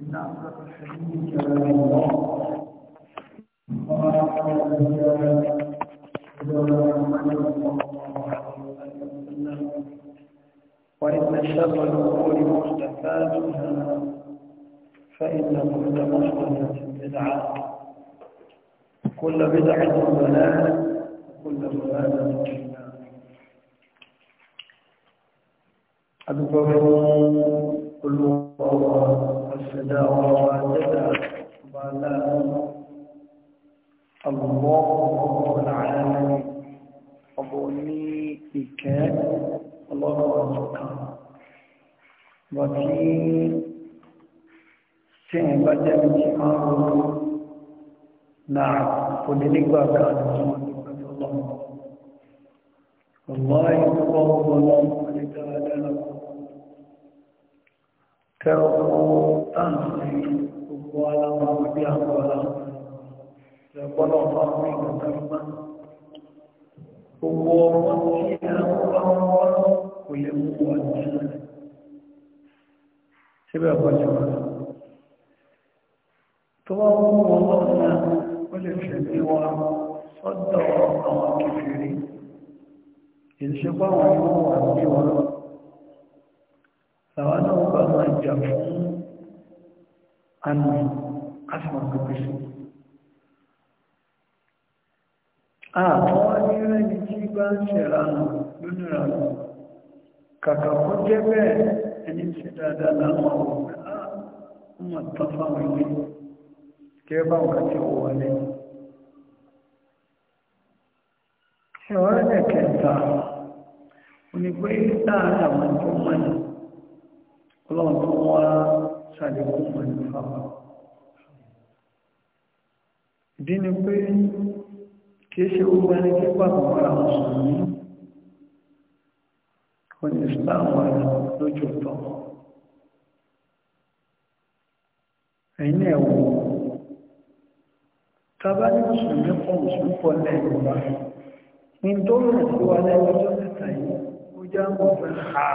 إن أصدق الحديث كلام الله وما أحسن الهدى محمد صلى الله عليه وسلم وإن شر الأمور محدثاتها فإن كل محدثة بدعة كل بدعة ضلالة وكل ضلالة في أكبر كل الفداء والعزة وعلى الله رب العالمين أبوني إكاء الله ربك وفي سنبة من شماره نعم قل لك وكان الله والله الله الله تعالى لكم kẹrọ̀kọ́ táàmì gbogbo aláwọ̀ ọmọdé àwọn aláwọ̀ lẹ́gbọ́nà fáwọn ìgbàta ìgbà gbogbo ọmọ tí àwọn ọmọ kò lè mú wà ní ṣẹlẹ̀ síbẹ̀ ọ̀pọ̀lẹ̀ wọn tó wá àwọn náà bá máa jà fún àmì kásìmọ̀ pípẹ́ sí àwọn onírẹ́ni tí bá ń ṣẹ̀rà lónìí kàkà kó jẹ́ bẹ́ẹ̀ ẹni tí dáadáa láwọn ọ̀pẹ́ ọmọ tán fáwọn ilé kẹ́ bá wà tí ó wọlé ṣe ọ̀rẹ́lẹ̀ kẹta onígbé láàrin àwọn tó mọ́nà ọlọ́run tó wá ṣàlékún fún ẹni fáwọn ìdí ni pé kìí ṣe gbogbo ẹni tí pàpọ̀ mọ́ra wọn sùn ní oní islam wà lójú tọ́ ẹ̀yìn ẹ̀wọ̀ tàbá ní mùsùlùmí pọ̀ mùsùlùmí pọ̀ lẹ́yìn wa ní tó rẹ̀ sí wa lẹ́yìn ọjọ́ mẹ́ta yìí ó já mọ̀ fẹ́ àà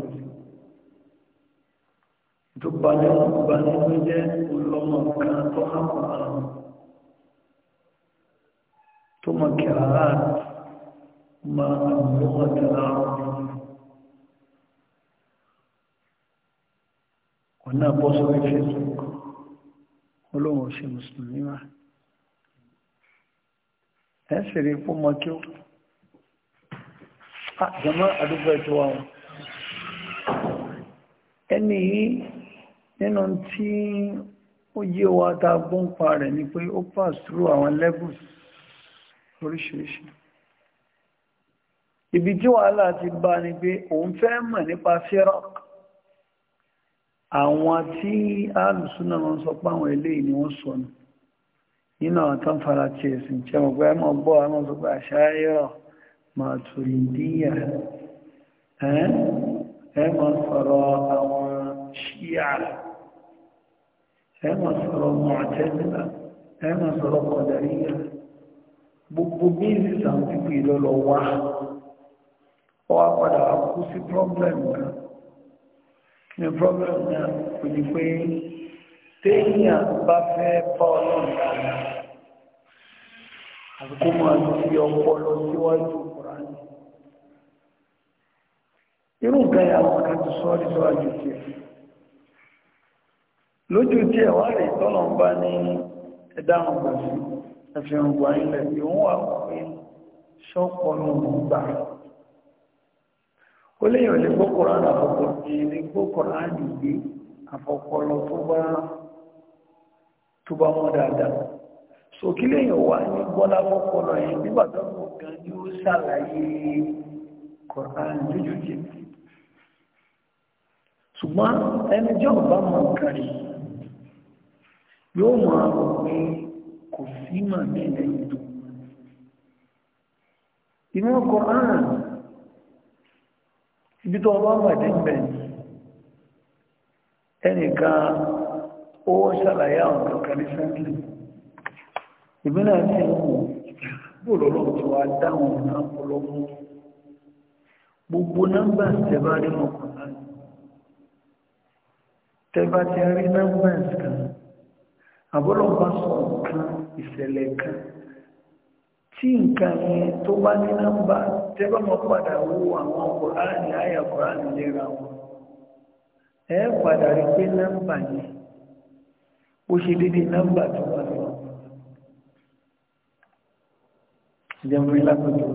tó banínú jẹ́ olọ́mọ kan tó hàpọ̀ àrùn tó mọ̀ kẹ̀rà láti máa àmúhàn tẹ̀lá àrùn ọ̀nà àbọ́sọ̀rọ̀ facebook olóhùn ṣe mùsùlùmí wá ẹ̀ sì rí fún mọ́ kí ó ah, jama àdúgbò ẹ̀tọ́ wa ẹni yìí nínú tí ó yé wa ta gbọ́npa rẹ̀ ni pé ó pass through àwọn levels oríṣiríṣi ibi tí wàhálà ti bá ni pé òun fẹ́ mọ̀ nípa firak àwọn tí alùsúnà wọn sọ pé àwọn eléyìí ni wọ́n sọnù nínú àwọn tán fara ti ẹ̀sìn tí wọ́n ẹmọ bọ́ àwọn sọ pé àṣáyọ̀ màtùrìdíyà ẹ́ ẹmọ sọ̀rọ̀ àwọn ṣíyà rẹ̀ É máa só uma ẹ é sọ̀rọ̀ só gbogbo bíìsì sàǹtìpù ìlọ́lọ́ wá ọwá padà kú sí pọ́blẹ̀mù náà ní pọ́blẹ̀mù náà kò ní pé téèyàn bá fẹ́ bá ọlọ́run dáadáa àbíkó máa fi ọpọlọ síwájú kùránì irú nǹkan yà wọn kan ti sọ́ọ́ nítorí lójú tí ẹ̀wà rẹ̀ tọ́lọ̀ ń bá ní ẹ̀dáhùn gbà sí ẹ̀fẹ̀hùn gbà ilẹ̀ yóò wà pé ṣọ́pọ̀nù gbà ó léyìn olè gbókòrò àfọ̀pọ̀ tí ilé gbókòrò àdìgbé àfọ̀pọ̀lọ tó bá tó bá mọ́ dáadáa sòkí léyìn wà ní gbọ́lá fọ́pọ̀lọ yẹn nígbà ṣùgbọ́n ẹni jọ́ bá mọ̀ nǹkan rí yóò mọ̀ àwọn pé kò sí mà ní lẹ́yìn tó ìmọ̀ Kùránì ibi tó ọba wàdí bẹ̀ ẹnìkan ó ṣàlàyé àwọn kankan ní sẹ́ńtì ìbínà tí ó wù bóòlọ́lọ́ tí wá dáhùn náà pọ̀lọ́mù gbogbo nọ́mbà tẹ́bá rí mọ̀kànlá tẹ́bá ti rí nọ́mbà kan àbọ́lọ́pàá sọ nǹkan ìṣẹ̀lẹ̀ kan tí nǹkan yẹn tó bá ní nọ́mbà tẹ́bọ́ mọ́ padà wo àwọn kòránì àyà kòránì lera wọn ẹ padà rí pé nọ́mbà yẹn ó ṣe déédéé nọ́mbà tó wà lọ ìjẹun ìlàpẹjọ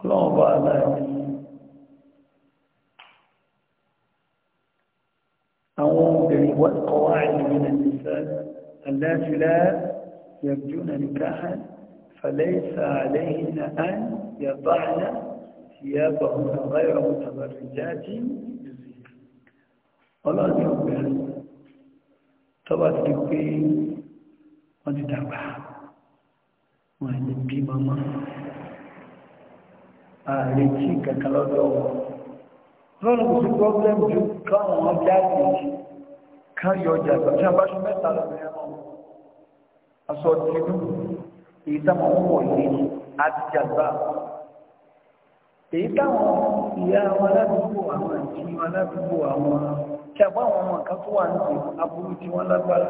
ọlọ́run bá aláàbí àwọn obìnrin wọ́n kọwàá ìrìnà nìsẹ́ aláṣílá yàjúnà nìkáhà fàlẹ́sà àlẹ́yìnà án yàbáàlá ìyàbà ọ̀rọ̀ tàbàrìjájí ọlọ́rin obìnrin tọ́bà ti pé wọ́n ti dàgbà wọ́n ni bí mama ààrẹ tí kàkàlọ́dọ̀ wọn lọ́nà kò sí problem ju káwọn wọn jáde kan yọ ọjà tí a bá ṣe mẹ́ta lọ́nà ẹ̀mọ́ aṣọ tìlú èyí táwọn ń wọ̀ lé àti jàgbá èyí táwọn ìyá àwọn aládùúgbò àwọn àti aládùúgbò àwọn tí a bá àwọn ọmọ kan tó wà ní aburú tí wọ́n lágbára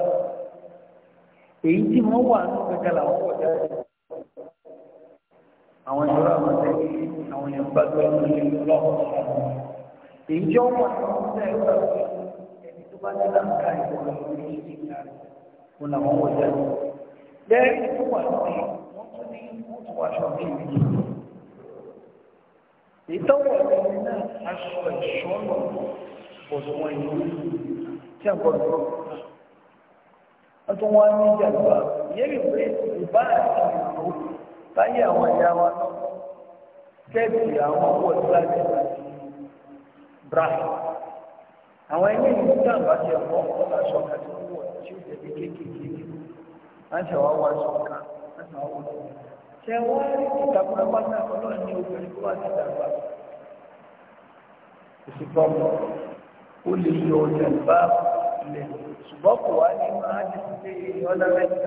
èyí tí wọ́n wà ní gẹ́gẹ́ làwọn wọ̀ jáde àwọn ìjọba àwọn tẹ̀lé àwọn ìyẹn ọmọ ilé lọ́wọ́ ìjọ wà lọ́wọ́ ẹ̀ wà lọ́wọ́ ẹni tó bá ní láǹkà ìwọ̀n lórí ìjìnlá rẹ̀ wọn làwọn wọ̀ jáde. lẹ́yìn tó wà lọ́wọ́ wọn tún ní wọ́n tún wà aṣọ bí ìtọ́wọ̀ náà aṣọ ẹ̀ṣọ́ lọ òṣùwọ̀n ìlú tí a gbọ́dọ̀ lọ. wọ́n tún wá ní ìjàgbá yẹ́rì pé ìbá àti ìlú báyìí àwọn ìyá náà kẹ́ẹ̀tì àwọn ọkọ̀ ìgbà bra àwọn ẹni ìlú tí àbá ti ọkọ ọba sọka tí wọn wọ tí ó tẹbi kéékèèké ni wọn ti wá wá sọka wọn ti wá wọ wọn rí ìtàkùn apáta ọlọ́run ní obìnrin tó wà ní ìdàgbà òsì pọmọ ó lè yọ ọjà ilẹ̀ ṣùgbọ́n kò wá ní máa irú ní ẹgbẹ́ ẹgbẹ́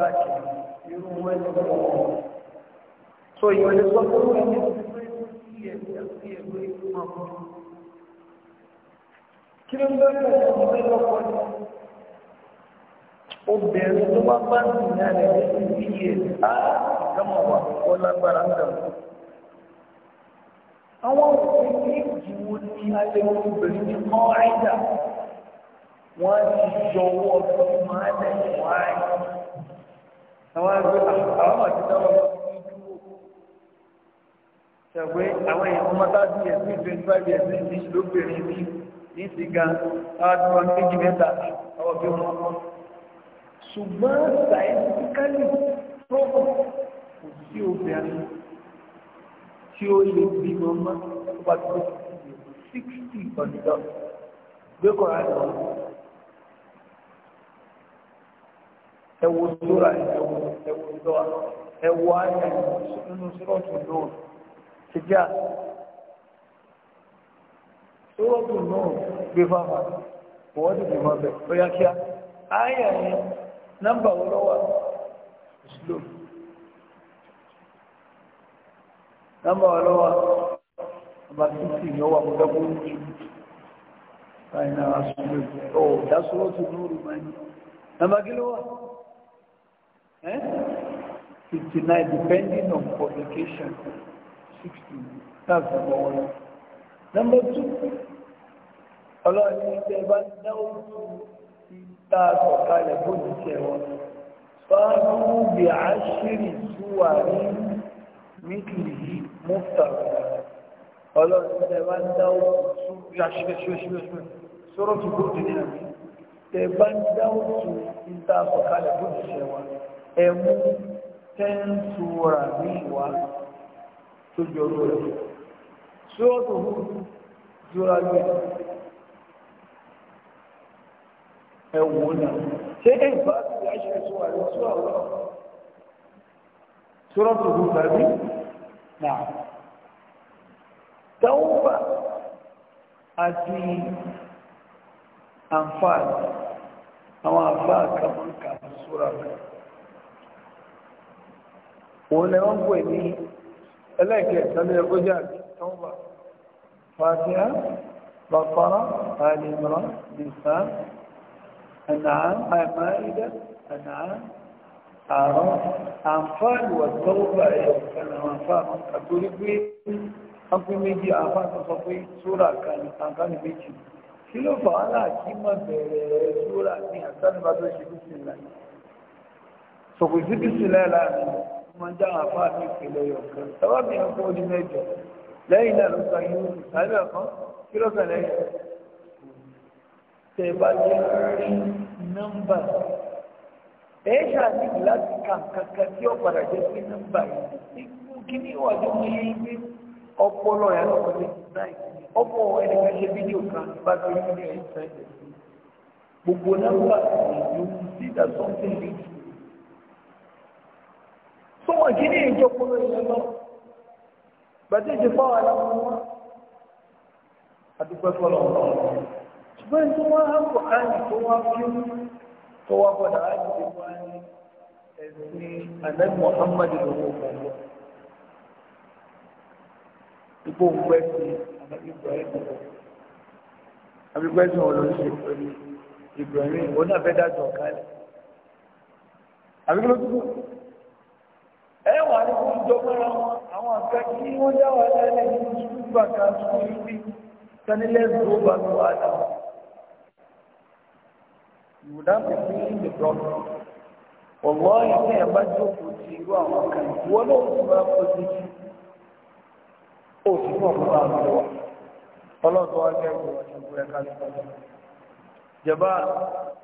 ẹgbẹ́ ẹgbẹ́ ẹgbẹ́ kí ló ń bẹ́ẹ̀ bẹ́ẹ̀ tó ń bẹ́ẹ̀ lọ́kọ́ ni obìnrin tó bá bá nìyá rẹ̀ ní iye á kama wà ó lágbára ń dà wọ́n. àwọn òfin méjì wo ni alẹ́wọ̀n obìnrin ní kọ́ àìdá wọ́n á ti yọ owó ọdún máa lẹ́yìn wáyé. àwọn àgbẹ̀ àwọn àti dáwọn ṣàgbé àwọn èèyàn ọmọ tábìlì ẹ̀sìn twenty five years ní ìlú obìnrin bíi ní ti ga àádọ́wà méjì mẹ́ta ọwọ́ bí wọn kọ́ ṣùgbọ́n sàìsíkálì rọ́pò kò sí obìnrin tí ó lè bí mọ́má tó bá tó sixty ọ̀dọ́ gbẹ́kọ̀ọ́ àjọ ẹwọ sóra ẹwọ ẹwọ ìdọ́wà ẹwọ ayẹ nínú sọ́ọ̀tù náà ṣe jẹ́ àtúntò. ó rọ́dùn náà gbé fáfá wọ́n ti dì máa bẹ̀ bóyá kíá ayé ẹ̀yìn nọ́mbà wo lọ́wọ́ islam nọ́mbà wo lọ́wọ́ nọ́mbà títì ni ó wà mọ́ dẹ́kun jù báyìí náà sùúrù ọ̀ dásúrò tó lóru máa ní nọ́mbà kí ló wà ẹ́ depending on publication sixty that's Number two, ọlọ́run ìgbẹ́ bá dáwọ́ ìta sọ̀kalẹ̀ bójú tẹ̀ wọn. Fáàrù bí a ṣírí súwà ní mítìlì mọ́tàrà. Ọlọ́run ìgbẹ́ bá dáwọ́ sọ̀rọ̀ tó bójú ní àmì. Tẹ̀ bá dáwọ́ ìta sọ̀kalẹ̀ bójú tẹ̀ wọn. Ẹ̀mú tẹ́ ń ní ìwà tó jọ lórí sóòtù hù jura gbẹ ẹ wò ó nà ṣé ẹ bá ti aṣọ ẹṣọ àti ṣọ àwọn sóòtù hù tàbí nà tàwùbà àti àǹfààní àwọn àǹfààní kàmú kàmú sóra òun lè pè ní ẹlẹ́kẹ̀ẹ́ tàbí ẹgbẹ́jáde tọ́wọ́ fàtíà bàkọ́rọ́ àlìmọ́ nìfà ànàán àmàlìdá ànàán àrùn àǹfààní wà tọ́wọ́ ẹ̀yọ̀ kan àwọn àǹfààní àtòrí pé wọ́n pín méjì àǹfààní sọ pé sóra kan àǹfààní méjì kí ló fà á náà kí mọ̀ bẹ̀rẹ̀ sóra ní àtàlùbá tó ṣe bí sílẹ̀ sọ̀kùsí bí sílẹ̀ láàrin wọ́n já àǹfààní ìpìlẹ̀ ẹ̀yọ̀ kan sábàbí ẹ̀kọ́ ọdún mẹ́jọ lẹ́yìn náà ló sọ yín àbí ẹ̀kọ́ kí ló sọ lẹ́yìn tẹ̀ bá ti rí nọ́mbà ẹ̀ ṣàtìkì láti kà kankan tí ó padà jẹ́ sí nọ́mbà yìí kí ni ìwà tó mú yín ọpọlọ yẹn lọ́kọ̀ ní náì ọmọ ẹnìkan ṣe fídíò kan bá ti rí ní ẹ̀yìn sẹ́yìn gbogbo nọ́mbà yìí sí that something big. sọ́wọ́n kí ni ìjọpọlọ yẹn lọ́kọ̀ gbàdé ti fọ́ wa lọ́wọ́ wọn adúgbò ẹ̀fọ́ lọ́wọ́ ṣùgbọ́n tí wọ́n á kọ̀ áyì tó wá kí tó wá gbọ́dọ̀ áyì tó wá ní ẹ̀sìn alẹ́ Muhammadu lọ́wọ́ pẹ̀lú ipò òwúwẹ́ sí àbígbẹ́ sí wọn ló ń ṣe pẹ̀lú Ibrahim òun náà fẹ́ dájọ́ kálẹ̀ àbígbẹ́ ẹwà ní kó ń jọmọ́ra wọn àwọn àgbà tí wọ́n dá wà lẹ́lẹ̀ ní ṣùgbà kan tó ń rí sanilẹ̀ tó bá tó wà dá wọn. you would have to be in the problem. ọ̀wọ́ ìpín ẹ̀bá jókòó ti irú àwọn kan wọ́n ló ń bá fojú sí òṣìṣẹ́ ọ̀pọ̀ bá ń lọ ọlọ́dún wa kẹ́kọ̀ọ́ ìṣòro ẹ̀ka tó bá jẹba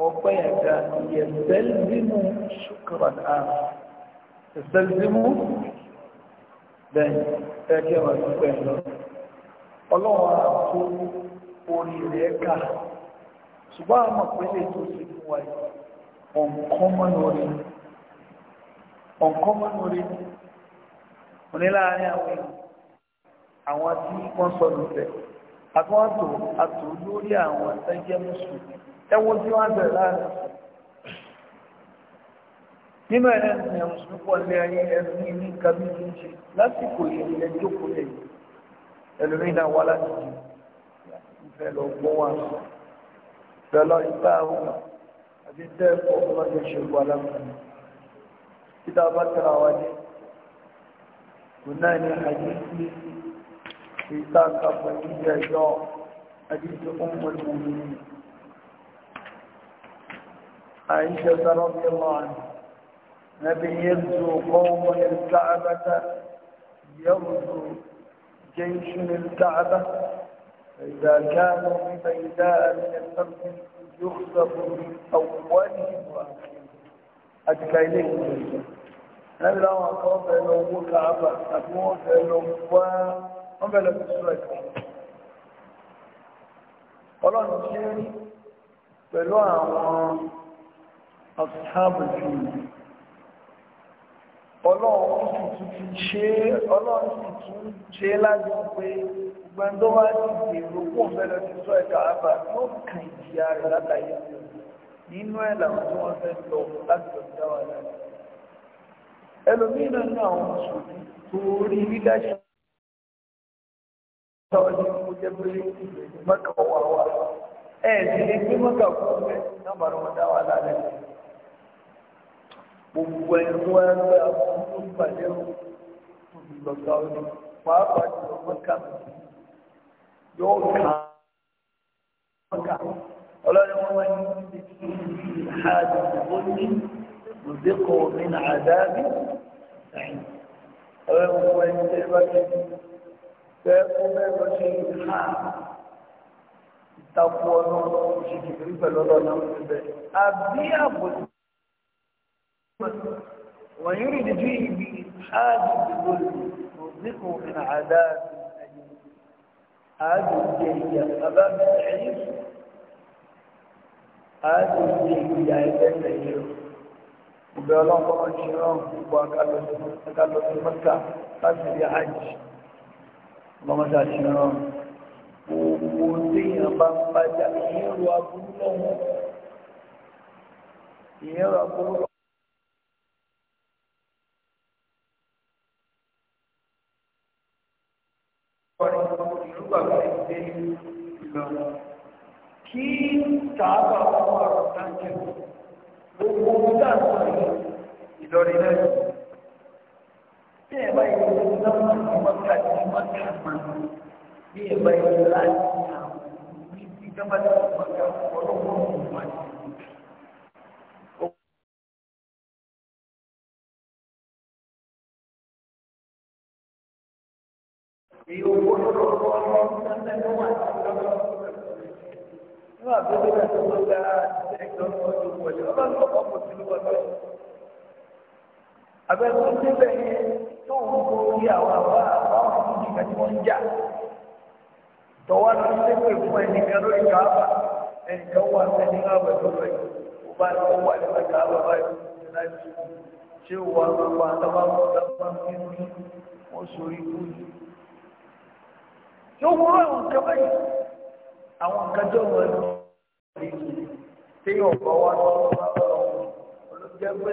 ọgbẹ́ ẹ̀ka ìyẹ̀sẹ̀ nínú ìsẹ́lẹ̀dìmú bẹ́ẹ̀ ẹgbẹ́ wà ní pẹ̀lú ọlọ́wọ́ àtún orí rẹ̀ ká ṣùgbọ́n àmọ̀ pẹ̀lẹ̀ tó sì fún wa uncommon orí uncommon orí oníláàárín àwọn àwọn tí wọ́n sọ lùfẹ́ àtúwọ́tò àtò lórí àwọn tẹ́jẹ́ mùsùlùmí ẹwọ́n tí wọ́n bẹ̀rẹ̀ láàrin nínú ẹ̀rẹ́ ìrìn àwọn púpọ̀ ní ayé ẹnu ní ní kàbí ní ṣe lásìkò ìrìnlẹ̀ jókòó lẹ̀ ẹlòmíín náà wá láti jù ìfẹ́ lọ gbọ́ wá fẹ́ lọ ìgbà àwọn àbí tẹ́ ẹ̀kọ́ ọlọ́jọ́ ṣe wà lápẹ̀lú títà bá tẹ̀ra wá dé kò náà ní àyè sí ìta kàpọ̀ ìjẹ́ ẹ̀yọ́ àdíjọ́ ọmọdé wọn ní àyíṣẹ́ sára bí ọmọ àná نبي يرجو قوم الكعبة يرجو جيش الكعبة فإذا كانوا ببيداء من الأرض يخصف من أولهم وآخرهم أتكى إليه نبي لهم أقوم بأنه كعبة أقوم بأنه وهم بأنه بسرعة ọlọ́run ṣe rí pẹ̀lú àwọn ọ̀sáàbù jùlọ ọlọ́run sì tún ti ṣe é ọlọ́run sì tún ṣe é lájọ pé gbogbo ẹni tó bá ti dèrò kó fẹ́ lọ sí sọ ẹ̀ka àbá yóò kàn ìjìyà rẹ̀ látàyè nínú ẹ̀ làwọn tí wọ́n fẹ́ lọ láti lọ dá wà láti. ẹlòmíràn ní àwọn mùsùlùmí torí dídáṣà táwọn ní kó mọ́kà wà wà ẹ̀ wọn dá wà lálẹ́ gbogbo ẹni tó wáyé pé àwọn tó pàdé o tóbi lọ́gbà ọdún pàápàá jùlọ mọ́kà yóò ká mọ́kà ọlọ́run wọn wáyé ní ìhàdì ìbò ní mùsíkò mi nà àdáàbí ọlọ́run wọn wáyé tẹ́ bá ti fẹ́ kó bẹ́ẹ̀ lọ sí ìhà ìtakùn ọlọ́run ṣe kìkìrí pẹ̀lú náà ń bẹ̀ àbí àbòsí. ويرد فيه بإلحاد بالظلم يذقه من عذاب أليم هذه الجهية أبا مستحيل هذه الجهية أبا مستحيل وبيقول الله الشرام وقال له في مكة قال في حج اللهم تعالى الشرام وقلتين بمبتعين وأقول له يرى gbàgbé ìgbé ìgbọ̀n kí tààbà ọmọ ọ̀rọ̀ táǹkẹ̀ gbogbo ohun tá à ń sọ yìí ìlọrin náà tí ẹ bá yẹ kó lọ́wọ́ ní mọ́tà ní mọ́tà máa bí ẹ bá nígbà tó dé bẹ́ẹ̀ tó lọ́ọ́ gba ẹ̀jọ́ ọdún wọlé ọba ń lọ́kọ̀ mọ̀ sí lọ́wọ́ lọ́wọ́. abẹ́rẹ́ tó débẹ̀ yẹn tó ń kó orí àwọn àwọn àwọn ọmọ nìkan tí wọ́n ń jà. tọ́wọ́ lọ sí pé fún ẹnìkan lórí káàbà ẹnìkan wà sẹ́ni káàbà tó lọ yìí ó wọ́n sọ ikú yìí yóò wúrọ̀ àwọn nǹkan báyìí àwọn nǹkan tó wọ ẹnu ìlú tí yóò bá wá lọ́wọ́ bá lọ́wọ́ olójẹ́ pé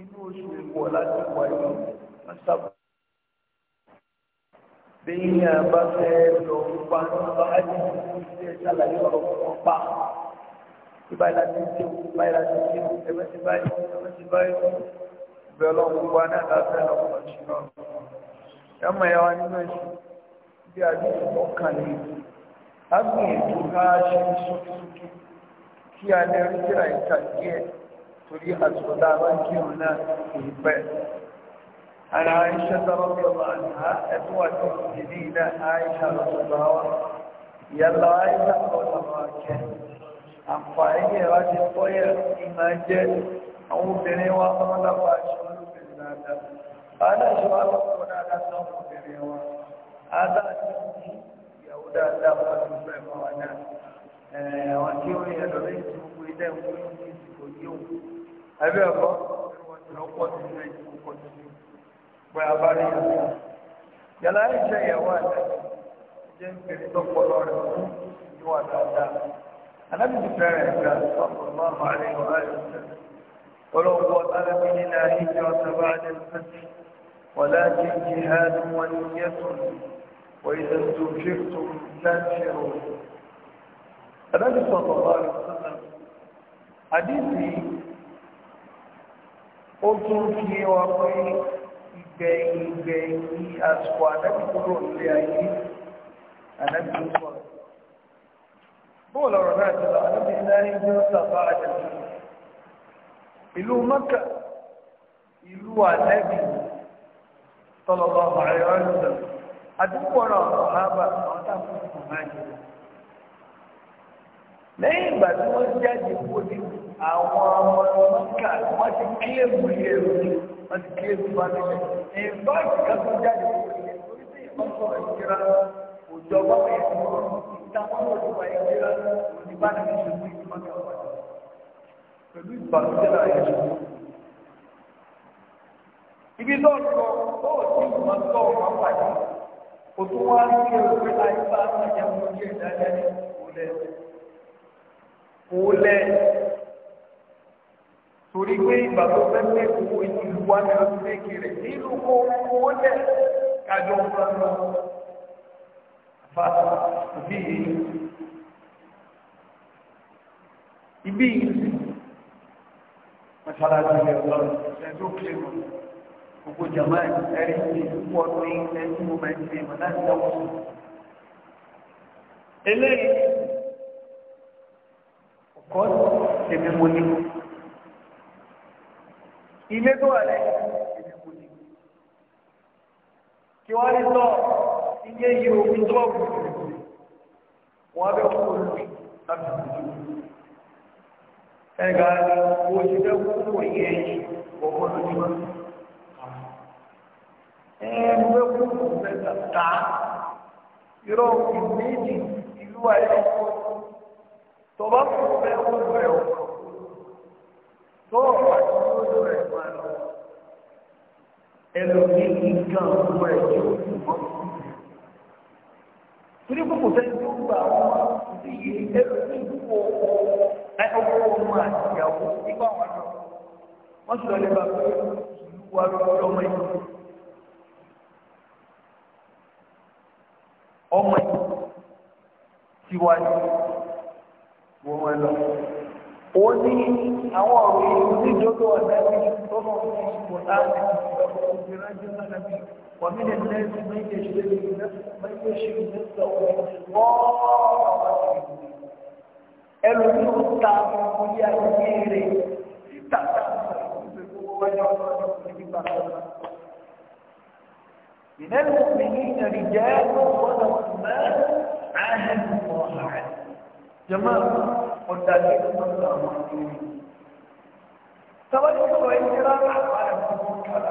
inú oṣù ìwọ̀ láti wà yìí wọ́n sábà. bí yíyan bá fẹ́ lọ pa nípa ájú ṣe ṣàlàyé ọ̀rọ̀ wọn pa ìbáyìí láti ṣe ìbáyìí láti ṣe ẹgbẹ́ ti báyìí ẹgbẹ́ ti báyìí ìbẹ̀rẹ̀ ọ̀gbọ̀n wa náà láti ẹ̀ lọ́wọ́ ọ̀ṣun náà. ẹ̀ bí àdíjù tó kàn ní agbìn ètò ká ṣe ń súnkúnkú kí a lè rí tíra ìta díẹ̀ torí àtúndà bá òun náà kì í pẹ́ عن عائشة رضي الله عنها أدوة جديدة عائشة رضي الله عنها يلا عائشة رضي الله عنها àǹfààní ẹ̀rá ti tọ́yẹ̀ ìmá jẹ́ àwọn obìnrin wa ọmọlápá aṣọ olóbìnrin dáadáa. Bàdá ìṣọ́ alọ́pọ̀ dáadáa sọ ọmọbìnrin wa. Adá ìyàwó dáadáa wọn ti fẹ́ mọ́ wa náà àwọn tí ó yẹ lọ́lẹ́ tí ó gbé ilé ìwé ní ìsìnkò yìí ó abẹ́ ọ̀pọ̀ wọn ti lọ pọ̀ sí ilé ìsìnkò kọ̀ sí i pé a bá rí yàrá ìṣe ìyàwó àti jẹ́ ìpèrè tó pọ̀ lọ́rẹ̀ fún ìwà dáadáa alábìsí fẹ́rẹ̀ ìgbà sọ́kùn máa máa rí ìwà àìsàn ولو طلب لنا هجرة بعد الفتح ولكن جهاد ونية وإذا استبشرتم تنشروا النبي صلى الله عليه وسلم حديثي ó tún fi wá pé ìgbẹ̀yìn ìgbẹ̀yìn àsìkò ànábì kúrò ilé ayé ànábì tó pọ̀. bóò lọ́rọ̀ náà ti lọ ànábì ní ayé jẹ́ sàbá àjẹjù ìlú mọ́kà ìlú ànábì tọ́lọ́bà àríwá ìlú àdúgbò ọ̀rọ̀ ọ̀hábà àwọn táwọn kò máa jẹ. lẹ́yìn ìgbà tí wọ́n jáde kó ní àwọn ọmọ mọ́kà wọ́n ti kílèmù ilé ìròyìn wọ́n ti kílèmù fámìlì. ìbá ìkà tó jáde kó ní orí tí ìbá sọ̀rọ̀ ìkíra òjò ọgbà wọ̀nyẹn ti wọ́n ìtàwọn olùwà ìkíra oníbàdàn ìṣòwò ìmọ̀kà wà pẹ̀lú ìbànújẹ́ náà yẹn ń lọ ó sì máa kò tó wá ní ẹ̀rọ pé ayé bá àjẹ́ mú ní ìdájọ́ ní òlẹ̀ òlẹ̀ torí pé ìgbà tó fẹ́ pé owó ìlú wa ní ọdún méjì nínú kó owó lẹ̀ kájọ ń lọ bá òbí yìí ibi yìí mọ̀ṣáláṣí ẹ̀rọ ẹ̀dókè lọ́wọ́ gbogbo jama ẹrí ti púpọ̀ ní ẹni mo máa ń ṣe ìmọ̀ láti dáwọ́ sí. eléyìí ọkọ èmi mo ní ilé tó wà lẹ́yìn èmi mo ní kí wọ́n lè sọ iye yìí omi tó wà kù wọ́n bẹ kú olùkí láti dùdú. ẹnìkan kò sí fẹ́ kú òye ọmọ lójúmọ́ ẹgbẹ́kùn mẹ́ta ta irọ́ ìméjì ìlú ayé ọkọ̀ tọba kò fẹ́ ọdún ẹ̀ ọkọ̀ tó ọ̀pá tí ó lọ ẹ̀ máa lọ ẹlòmí nǹkan ọmọ ẹ̀ tó mọ́ torí kò kò fẹ́ tó gbà wọn ìdíyẹ ẹlòmí kò ọkọ̀ àti ìyàwó nígbà wọn lọ wọ́n sì lọ lè bá ìlú wa lọ́wọ́ ọmọ ìlú. ọmọ tiwájú wọ́n wọn lọ. ó ní àwọn ọ̀rọ̀ ìlú níjọ́dọ̀ ọ̀dà bí tọ́mọ̀ ní ipò láti ìjọba òbí rájú náà bí wọ́n mi lè lẹ́sí méje ṣe lè ná méje ṣe lè sọ wọ́n ẹlòmíì ń ta ọmọ yíyá ìbéèrè títà táwọn ọmọ ìgbésẹ̀ owó wájú ọmọ ìgbésẹ̀ nígbà tó ń bá. من المؤمنين رجال صدقوا ما عاهدوا الله عليه جماعة قدامي الله عليه tọ́wọ́n tó sọ yìí rán àwọn ẹ̀fọn kọ́lá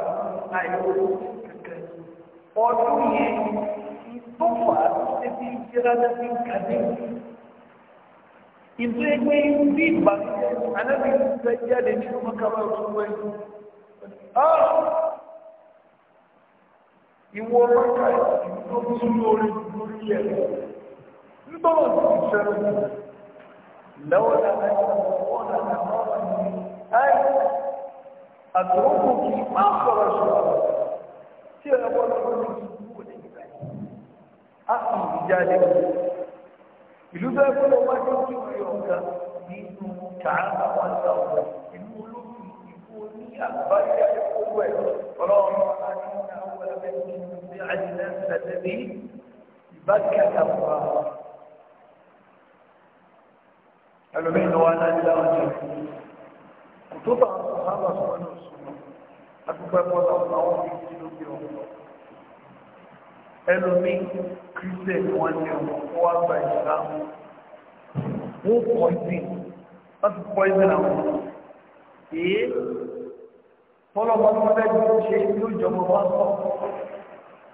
àyẹ̀wò kẹ̀kẹ́ ọdún yẹn tó fà á tẹ́tí ìjẹ́ra lẹ́bí kàdé ìtú ẹgbẹ́ bí ìbànújẹ́ anábìyí fẹ́ jáde nínú mọ́kànlá òṣùwọ̀n ẹ̀ ìwọ ọ̀pá tó tú lórí lórí ẹ̀ nígbọ́n ti ṣẹlẹ̀ lọ́wọ́ àtòwòkò kì í máa sọ̀rọ̀ sọ̀rọ̀ tí ẹ̀ wọ́n lọ́wọ́ ní ìlú òní ìgbà yìí á sì ìjà lé ìlú bẹ́ẹ̀ fún ọmọ ẹgbẹ́ tí ó yọ ọ̀gá nínú tààrà wọn sáwọn ìlú olóògùn ìlú oní àgbáyé ẹ̀kọ́ ẹ̀ ọlọ́run يطيع الناس الذي بكة الله قالوا مين هو انا الى رجل كتب الصحابه سبحانه وتعالى akúpẹ́ mọ́tò àwọn ìdílé lókè ọ̀pọ̀ ẹlòmí kírísẹ̀ ni wọ́n ní ọmọ kó wá gba ìsìlámù wọ́n pọ̀ ìsìn wọ́n ti pọ̀ ìsìn àwọn èé bọ́lọ́mọ tó fẹ́ bí ó ṣe ló jọmọ wá sọ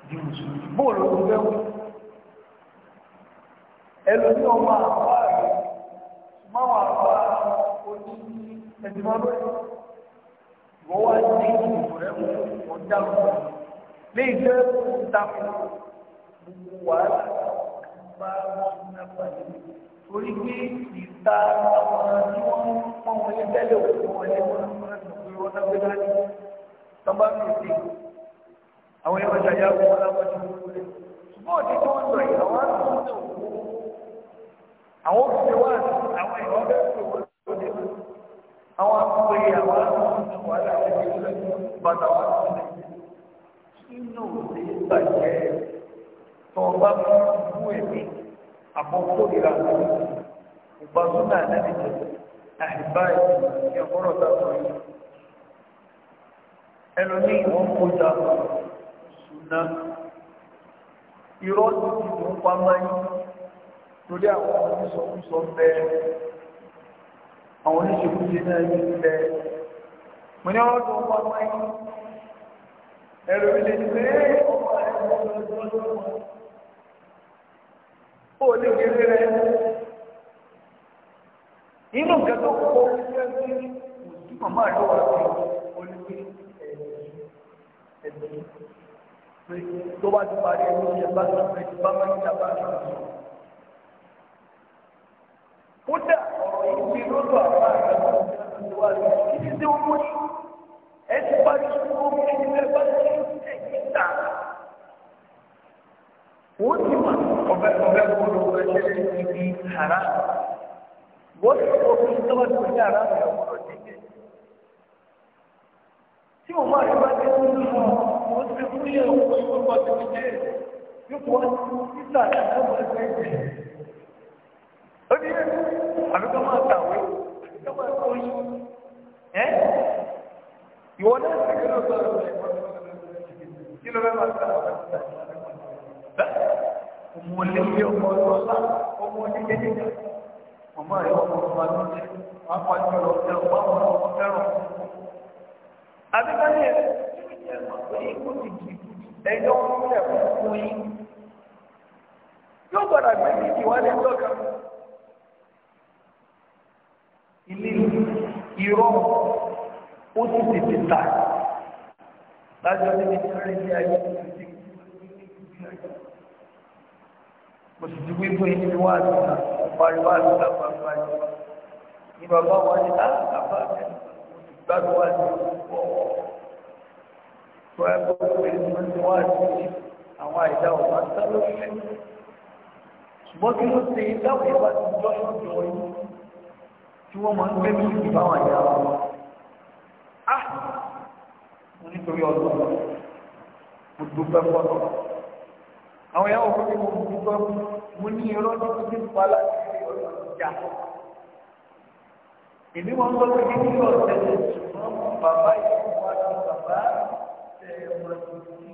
di mùsùlùmí bóòlù ló fẹ́ wù ẹlòmí ọmọ àwọn àrẹ máwọn àwọn oní ẹ̀dùnmọ́lẹ́ wọ́n wá ní ìdìbò rẹ̀ mú ọjà lọ léyìí tó ń takò gbogbo wàhálà bá wọn náà torí pé ìta àwọn tí wọ́n pọ́n wọlé tẹ́lẹ̀ òkú wọlé wọn náà wọn náà gbé dání tó bá mi sí àwọn yẹn wọn ṣàyà wọn alábọ̀jú lórí ṣùgbọ́n òtí tó ń lọ yìí àwọn àtúntò náà wò ó àwọn òṣìṣẹ́ wà àwọn ìwọ́n bẹ́ẹ̀ tó wọ́n lóde àwọn akọ̀wé àwọn àtúntò náà wà láti ṣe ìlú bàtà wà lóde inú òde ẹlòmí ìwọ̀n kọjá ṣùnà irọ́ ti ti mú pàmáyé torí àwọn oníṣọ́kúsọ bẹ́ẹ̀ àwọn oníṣẹ́kúṣe náà yìí bẹ́ẹ̀ mo ní ọ̀rọ̀ tó ń pàmáyé ẹlòmí lè ní pé ọmọ rẹ̀ ń bọ́ lọ́jọ́ ó lè kéré rẹ̀ inú kẹtọ́ kọ́ ó ti fẹ́ sí ojú màmá rẹ̀ wà sí olùgbé ẹ̀mí pé tó bá ti parí ẹni tí ẹ bá ti pè bá máa ń jà bá ti sùn. kódà ọ̀rọ̀ yìí ti lọ́dọ̀ àwọn àgbà tó ń wá lọ kí ni tí ó mú ní ẹ parí sùn ó mú kí ni bá ti sùn ẹ̀yìn tà. wọ́n ti mọ̀ ọ̀bẹ ọ̀bẹ gbọ́dọ̀ ọ̀bẹ ṣẹlẹ̀ ní ibi àrà. wọ́n ti sọ fún mi ní àrà mi ọ̀gbọ́dọ̀ tí o bá yọba tẹ ní ìlú o ti fún ilé ọkọ ìgbọ́gbọ́ tó ti dé yóò tó wá sí títà ìjọba ẹgbẹ́ ìgbẹ́. ó ní àbí kọ́ máa tàwé àbí kọ́ máa kọ́ yín. ẹ́ ìwọ náà ti gbé lọ́gbà rẹ̀ kí ló fẹ́ máa tà wọ́n tà ọmọ olóyè ọmọ ọlọ́lá ọmọ onídéédé ọmọ rẹ̀ ọmọ ọmọ alóde wọn á pàjọ lọ sí ọmọ àwọn ọmọ fẹ́ràn àbíkáyé ikú ti di ẹjọ́ múlẹ̀ fún yín yóò gbọ́dọ̀ gbé ní ìwádìí lọ́kàn ilé irọ́ ó sì tètè ta lájọ́ níbi tí wọ́n rí ayé ti mo sì ti wí fún yín ní wàásù náà pariwo àti àpapọ̀ àyè ní bàbá wa ah, gbádùn wá sí pọ̀ tó ẹ kó pé wọ́n ti wá sí àwọn àìdá ọ̀gá sá lóṣù ṣùgbọ́n kí ló ṣe dáwọn ìwà tí jọ́ṣọ́ jọ yìí tí wọ́n máa ń gbé bí ìbáwọn ìyá wọn á mo nítorí ọdún mo dúpẹ́ fọ́tọ̀ àwọn ìyá wọn kò mo dúpẹ́ mo ní irọ́ ní kí n pa láti ṣe ọdún ìjà èmi wọn lọ sí ní ọ̀sẹ̀ ṣùgbọ́n bàbá ìlú wa ni bàbá tẹ wọn lọ sí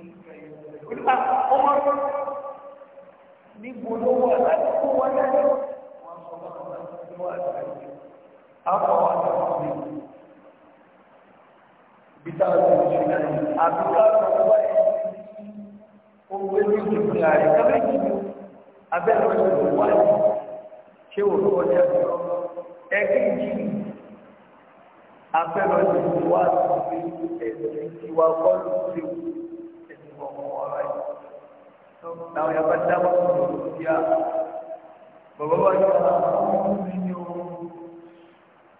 ìgbà ọmọ ọmọ níbo ló wà láti kó wọn lẹ́nu wọn sọ wọn lọ sí wọn àgbáyé àwọn àwọn àgbà mi bí táwọn ti ń ṣe náà àbúrò àwọn ọmọ ẹ̀ owó ẹni ìdìbò ààrẹ kábẹ́ ìdìbò abẹ́rẹ́ ìdìbò wáyé ṣé òun kọjá ẹgbẹ́ ìdìbò afẹ́rọ̀ ti wá sí ẹ̀sìn ìwà bọ́ọ̀lù tí ó ẹ̀sìn ọmọ ọ̀rọ̀ yìí. Náà yà bá dábọ̀ fún òun sí à. Bàbá wa yóò máa fún un ní ní oorun.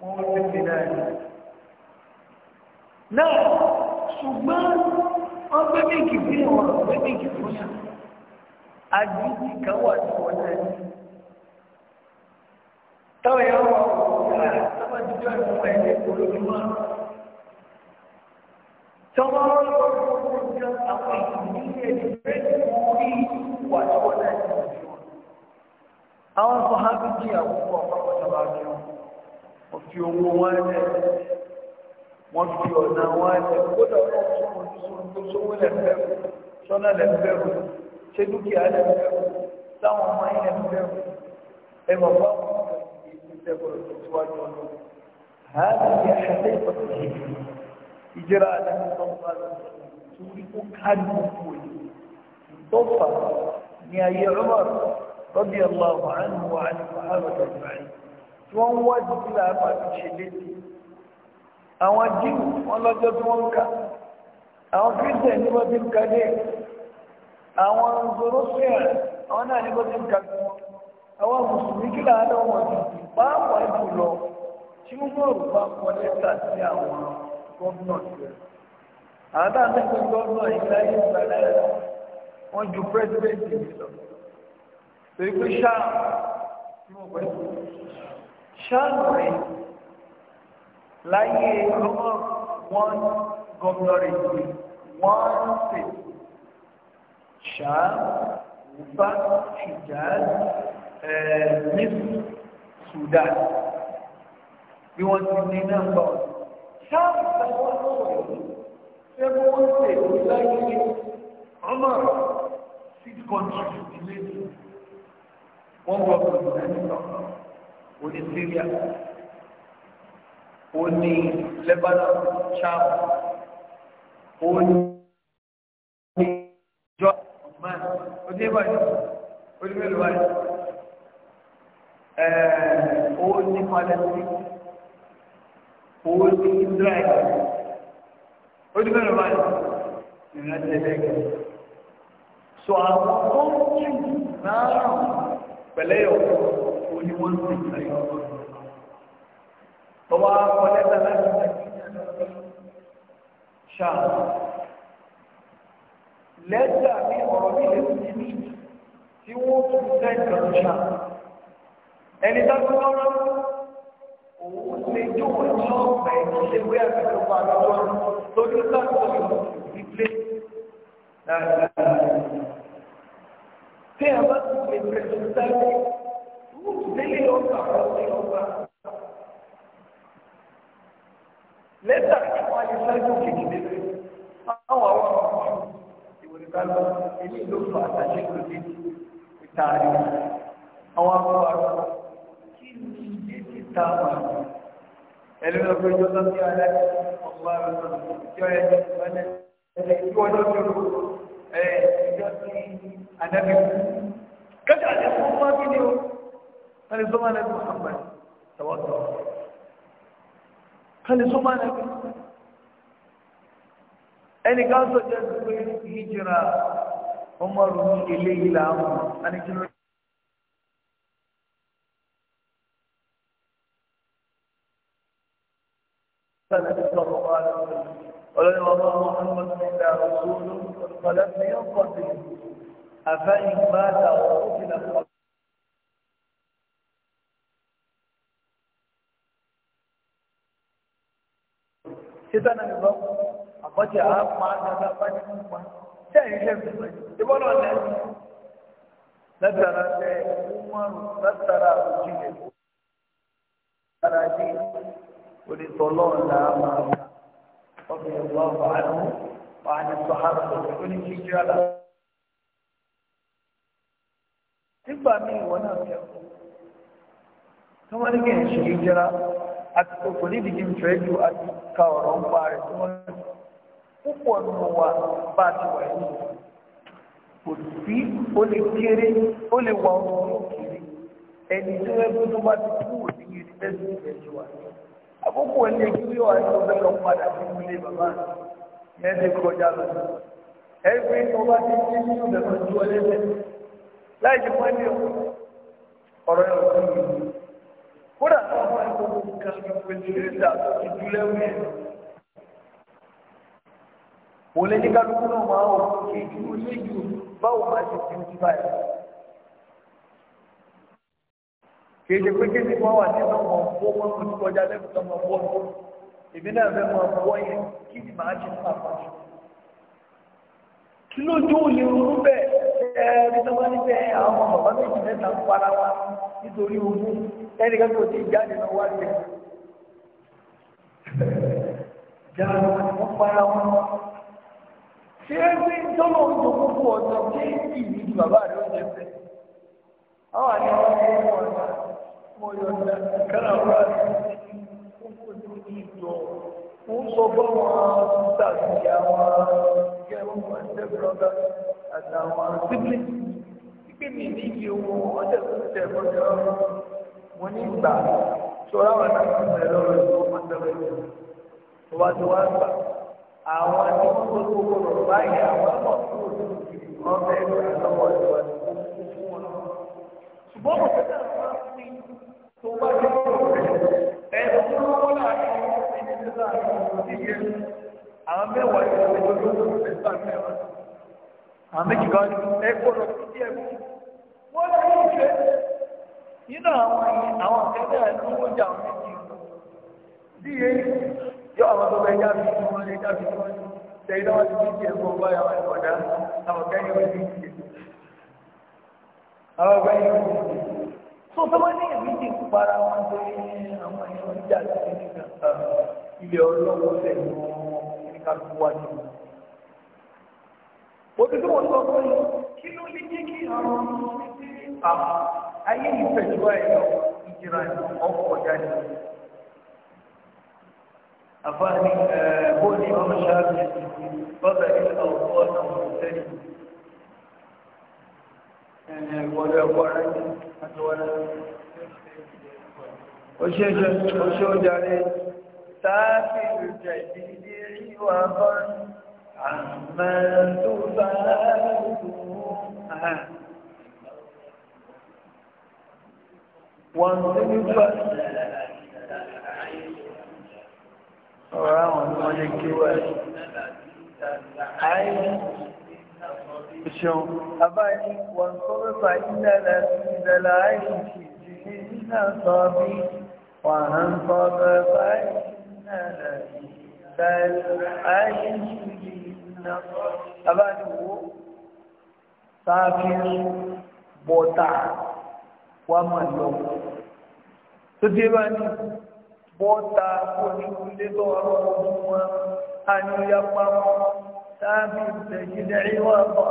Wọ́n ti fi náà ní. Náà ṣùgbọ́n wọ́n gbé méjì bí wọn gbé méjì fún yà. Àdìsí kan wà tí wọ́n náà ní. Táwọn yà wà wọ́n wọ́n rà àtijọ́ ìfún ẹ̀ ní olójúmọ́. Tọ́wọ́ lọ́wọ́ jọ àwọn ìdílé ẹ̀dùnrẹ́ tí wọ́n rí wà lọ́wọ́ láti ìlú wọn. Àwọn kan há bí kí àwọn ọmọ ọ̀pọ̀ sábà ní wọn. Wọ́n fi owó wọn lẹ̀. Wọ́n fi ọ̀nà wọn lẹ̀. Kódà wọ́n tún wọn tó sọ tó sówó lẹ̀ fẹ́ wọn. Sọ́nà lẹ̀ fẹ́ wọn. Ṣé dúkìá lẹ̀ fẹ́ wọn? Táwọn ọmọ yẹn lẹ̀ fẹ́ wọn. Ẹ mọ̀ fáwọn ọmọ ìgbésẹ̀ gbọ́dọ̀ tó síwájú ọlọ́run. هذه حقيقة الهجرة إجراء لهم الله تولك كان توفى نهاية عمر رضي الله عنه وعن الصحابة أجمعين wọ́n wá dìbìlà àpàtìṣe létí àwọn jíù wọn lọ́jọ́ tí wọ́n ń kà àwọn kírísẹ̀ ní wọ́n ti ń kà dé àwọn zoroastrian àwọn náà ní wọ́n ti ń kà sí wọn àwọn mùsùlùmí kí làwọn náà wọ́n ti dì pàápàá jùlọ tí umaru bá kọ lẹ́tà sí àwọn gómìnà rẹ̀ àwọn náà ní pé gómìnà ìláyé ìgbàlẹ̀ wọ́n ju pírẹ́sidẹ́ǹtì mi lọ torí pé ṣáà tí mo pẹ́ ṣáà rẹ̀ láyé ọmọ wọn gómìnà rẹ̀ ti wọ́n ṣe ṣáà wùbá ṣùgbọ́n ẹ̀ẹ́dẹ́gbẹ̀ẹ́ Sudan bí wọ́n ti ní náà ń bọ̀. Sáàmù táwọn ọ̀rọ̀ yìí ṣé wọ́n ṣe èdè láyé ní ọmọ six countries ilé ní wọ́n wọ ọ̀gbìn náà nìkan. O ní Syria, o ní Lebanon, Chad, o ní Jordan, man, o ní Ibrahim, o ní Mélòó Ẹ̀ẹ́d, o ní Palestine owó tí ń dá ẹ̀ ó dúpẹ́ rẹ̀ báyìí ìrìn àti ẹ̀lẹ́gẹ̀ sọ àwọn tó ń jù náà pẹ̀lẹ́ ọ̀pọ̀ ó ní wọ́n ti ń tẹ̀lé tọwọ́ akọ lẹ́tà láti tẹ̀lé ṣáà lẹ́tà ní ọ̀rọ̀ mi lè ti ní tí wọ́n tún tẹ̀lé ṣáà ẹni tó tún lọ́rọ́ òun lè jókòó ní ọ̀pẹ̀ ìdílé wí àgbẹ̀tọ̀ pa lọ́wọ́ lórí sáàtọ̀ ìdílé dáadáa. Tí a bá ti lè pẹ̀lú sáré, nílé ọgbà ọ̀sẹ̀ ọgbà. Lẹ́tà kí wọ́n á lè ṣáájú kìkì nílé. Àwọn àwọn ọmọ ìwòrán bá lọ, èmi ló fà àtàṣe lórí ìtaari. Àwọn akọ̀wé kí ni ìdí ti ta wà ní? ẹlẹ́nu ọ̀pọ̀ ìjọ tó ń bí aláàbí ọ̀pọ̀ àrùn ìjọ ẹ̀ ẹ̀ tí wọ́n lọ́jọ́ ẹ̀ ìjọ tí anábì kú. kẹ́kẹ́ àti fún ọmọ bí ni o wọ́n lè sọ́mọ́ anábì Muhammad tọwọ́tọ̀ wọ́n lè sọ́mọ́ anábì. ẹnìkan sọ jẹ́ pé hijira ọmọ rùn eléyìí làwọn anìkìlọ́ ọlọ́run ọmọ محمد nígbà ọ̀ṣun ọ̀pọ̀lọ́ fi ń pọ̀ sí àfẹ́yìn bá àtàwọn ó ti nà pọ̀. títà náà ní bọ́ọ̀ àbọ̀tì àápa àgbàdo àbájá ń pa tẹ́ ẹ̀yìn lẹ́yìn ìbọn náà lẹ́yìn látara tẹ́ umaru látara òjìlẹ̀ ara yìí onítọ̀lọ́ọ̀lá máa ń. رضي الله عنه وعن الصحابة وكل شيء على تبقى مين وانا ثم لك شيء جرى أتقولي بجم تريدو أتكاورون باري ثم púpọ̀ nù wa bá ti wà ní kò ó lè kéré ó lè wà ọ̀rọ̀ kéré ẹni tó ẹgbẹ́ tó bá ti kú òní yunifásitì ẹ̀jọ̀ wà àkókò ẹni kiri wà ní ọbẹ̀ lọ padà sí ilé bàbá rẹ̀ yẹn ti kọjá lọ. ẹgbẹ́ ní ọba ti ti ní ọbẹ̀ lọ ju ọlẹ́sẹ̀ láì jẹ́ wọ́n ní ọ̀rọ̀ yẹn ọ̀sán yìí. kódà náà wọ́n ẹ̀kọ́ kan ìpèsè ìdá tó ti dúlẹ̀ wí ẹ̀. wọlé ní kálukú náà máa ń wọ kí ìdúró sí ìdúró báwo máa ṣe ti ń kì í ṣe pé kéde wọn wà nínú ọmọ ọgbọ wọn kò ní kọjá lẹkùn tó ọmọ ọgbọ ọdún èmi náà fẹ́ mọ ọgbọ yẹn kí ni màá ṣe fún àpàṣẹ. kí lójú ò lè ronú bẹ́ẹ̀ ẹ ẹni tó bá ní bẹ́ẹ̀ àwọn bàbá méjì mẹ́ta ń para wa nítorí ogún ẹnì kan tó ti jáde lọ wá lẹ. jáde wọn wọn para wọn. ṣé ẹgbẹ́ ìjọba òjò gbogbo ọ̀dọ́ kéèkì ní bàbá rẹ̀ ó jẹ fẹ́. àwọn àti mo yọ̀ǹda kára wá kókó ní ìjọ mo ń sọ fún àwọn sàbí àwọn gẹ́gẹ́ wọn ṣe brọ́dá àtàwọn síbí síbí mi ní iye owó ọjọ́ tó ń tẹ̀ fún ìjọ mo ní ìgbà tó ráwọn náà ti bẹ̀rẹ̀ lọ́wọ́ ìjọ ọmọ tẹ́lẹ̀ ìjọ tó bá ti wá gbà àwọn tí wọ́n tó tó gbọ́dọ̀ báyìí àwọn ọmọ tó ọmọ ẹgbẹ́ lọ́wọ́ ìjọ àti fún wọn. ṣùgbọ́n mo fẹ́ tó bá ti kọ̀rọ̀ rẹ̀ ẹ̀sùn tó lọ́wọ́ láàrin ẹni tó láàrin ọmọ sí yẹn àwọn mẹ́wàá yóò lọ́wọ́ lọ́wọ́ ẹ̀sùn àmì ẹ̀rọ àwọn méjì kan ẹ gbọ́dọ̀ sí díẹ̀ mú wọ́n lè ní ìfẹ́ nínú àwọn àwọn akẹ́kẹ́ àti oúnjẹ àwọn méjì bí iye yọ àwọn tó bẹ já fi fún lè já fi fún náà wọ́n ti fi díẹ̀ fún para wọn pé àwọn èèyàn jà sí ilé ọlọ́wọ́ ní wọn. Òtún tí wọ́n sọ pé kí ló lè jẹ́ kí àwọn ọmọ títí àwọn ayé ìfẹ̀jọ́ ẹ̀yọ ìjìnlẹ̀ ọkọ̀ jáde. Àfáàní bóni ọmọ ṣáàbì bọ́bẹ̀ ní ọ̀pọ̀ ọ̀nà ọkọ̀ rẹ̀ وشجر سافر الجديد عوضا عما تفعلتم وانطلقا وراء الملك والعين شو أباني وانطلقا إن لسيد العين في جنين صبي وأنفق فإن الأجر أبده سافر بوتا وملوك تجيبني bọ́ta kò ní ilé tó ọ̀rọ̀ ọdún wọn a ní ya pamọ́ sáàbì ìtẹ̀jílẹ̀ ìwà bọ́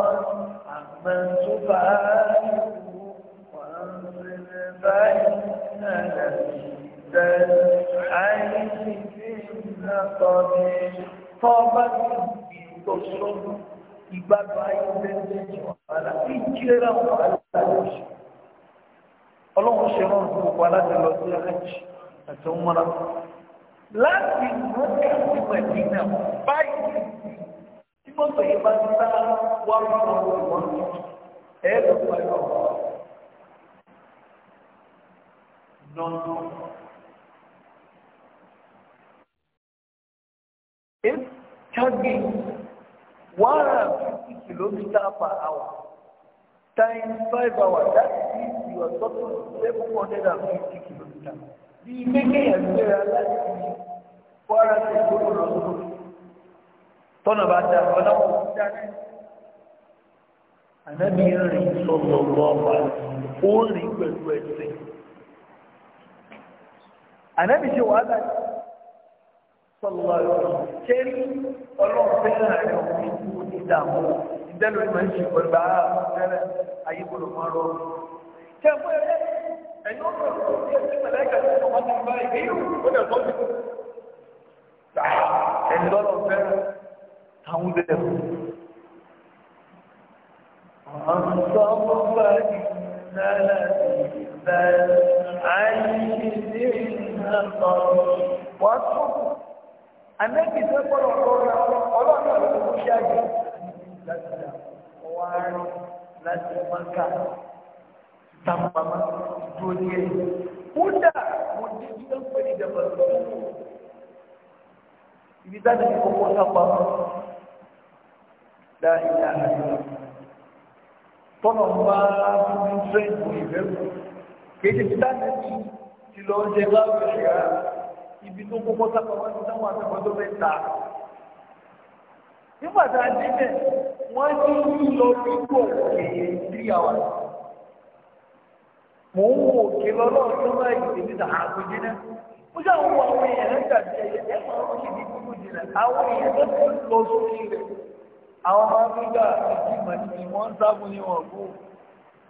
عن النقب طابت تصرم ìgbàgbọ́ ayé bẹ́ẹ̀ wàhálà bí jẹ́ra wàhálà lọ́sí ọlọ́run ṣe rán ọdún gbogbo aláṣẹ lọ sí hajj àti umara láti mọ́kà sí mẹ́dínà báyìí tí mọ́tò yìí bá ń sá wà lọ́wọ́ wọn ẹ̀ẹ́dọ̀gbà yọ̀ nọ́nọ́. chugging 150 kilometer per hour times five hours. That means you are talking 750 kilometers. Bí gbégbé ẹgbẹ́ra láti Kwara ṣe gbogbo lọ́sọ̀rọ̀. Tọ́nà bá dá ọ̀nà wọn kú dání. Ànábì rìn sọ̀rọ̀ lọ́wọ́ ó rìn pẹ̀lú ẹsẹ̀. Ànábì ṣe wàhálà yìí. sọ́lọ́ ṣé rí ọlọ́run fẹ́ràn rẹ̀ òun ikú ìdààmú ìdẹ́lu ìmọ̀ ń ṣe pẹ̀lú àá fẹ́rẹ̀ ayé gbọ́dọ̀ máa rọ. ṣé ẹ fún ẹ ẹ̀yin ọ̀rọ̀ ṣe ṣe mẹ̀lẹ́kà tó sọ wọ́n ti bá ìgbé yìí ó dẹ̀ sọ́ mi. ẹni lọ́rọ̀ fẹ́ràn àwọn bẹ̀rẹ̀ fún mi. أنصف فإننا بل عيش منها قريب واصبر ànábì tó gbọ́dọ̀ lọ́ra ọlọ́run náà ló kú ṣáájú láti dà ọwọ́ àárín láti mọ́ká tàpamọ́ dúró ní ẹ̀. kódà mo ní kí ló ń pè ní ìjọba tó ń wò ibi táwọn ẹni kọ́kọ́ sápamọ́ láìlá àìlá tọ́nà ń bá fún fúrẹ́ǹdì ìfẹ́ kò kéde táwọn ẹni ti lọ jẹ láwùjọ rẹ̀ ibi tó kọ́kọ́ sábà wá ní táwọn àtàwọn tó fẹ́ ta. nígbà tá a débẹ̀ wọ́n ní lọ dípò èyí three hours. mò ń wo òkè lọ́lọ́ tó bá ìdè ní sàhàkó jiná. mo ṣàwọn wo àwọn èèyàn rẹ̀ tàbí ẹ̀yẹ ẹ̀ máa ń ṣe ní kúrò jìnnà. àwọn èèyàn tó ti lọ sókè rẹ̀. àwọn ọmọ áfíríkà àti màtí wọ́n ń sábò ní wọn kú.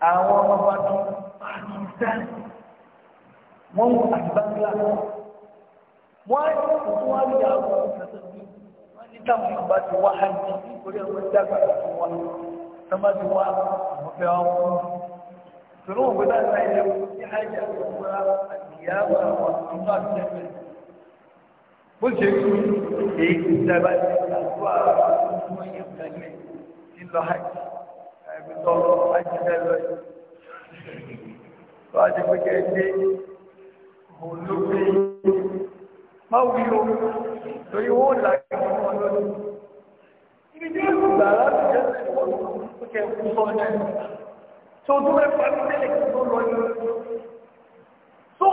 àwọn ọmọ bàtàn pakistan wọ́n mú àti bangla wọ́n á yẹ kó wọ́n á yà wọ́n kàtà bí wọ́n ní táwọn yóò bá ti wá hajj nítorí àwọn dàgbà tó wá sọ́mà ti wá àwọn fẹ́ wọn kú. tòun òun gbé náà láyé lẹ́wọ́ ní hajj àwọn ọmọ ìyá àwọn àwọn ọmọ àti ẹgbẹ́. tó hajj bẹ́ẹ̀ lọ yìí. wọ́n á ti pé kẹ́ ẹ ló pé má wí o torí owó ìlà ìwọ̀n wọn lọ́dún ibi tí ó gbà láti jẹ́ ìwọ̀n tó kẹ́ kú sọ ní tó tó rẹ̀ pa tẹ́lẹ̀ kí tó lọ ní tó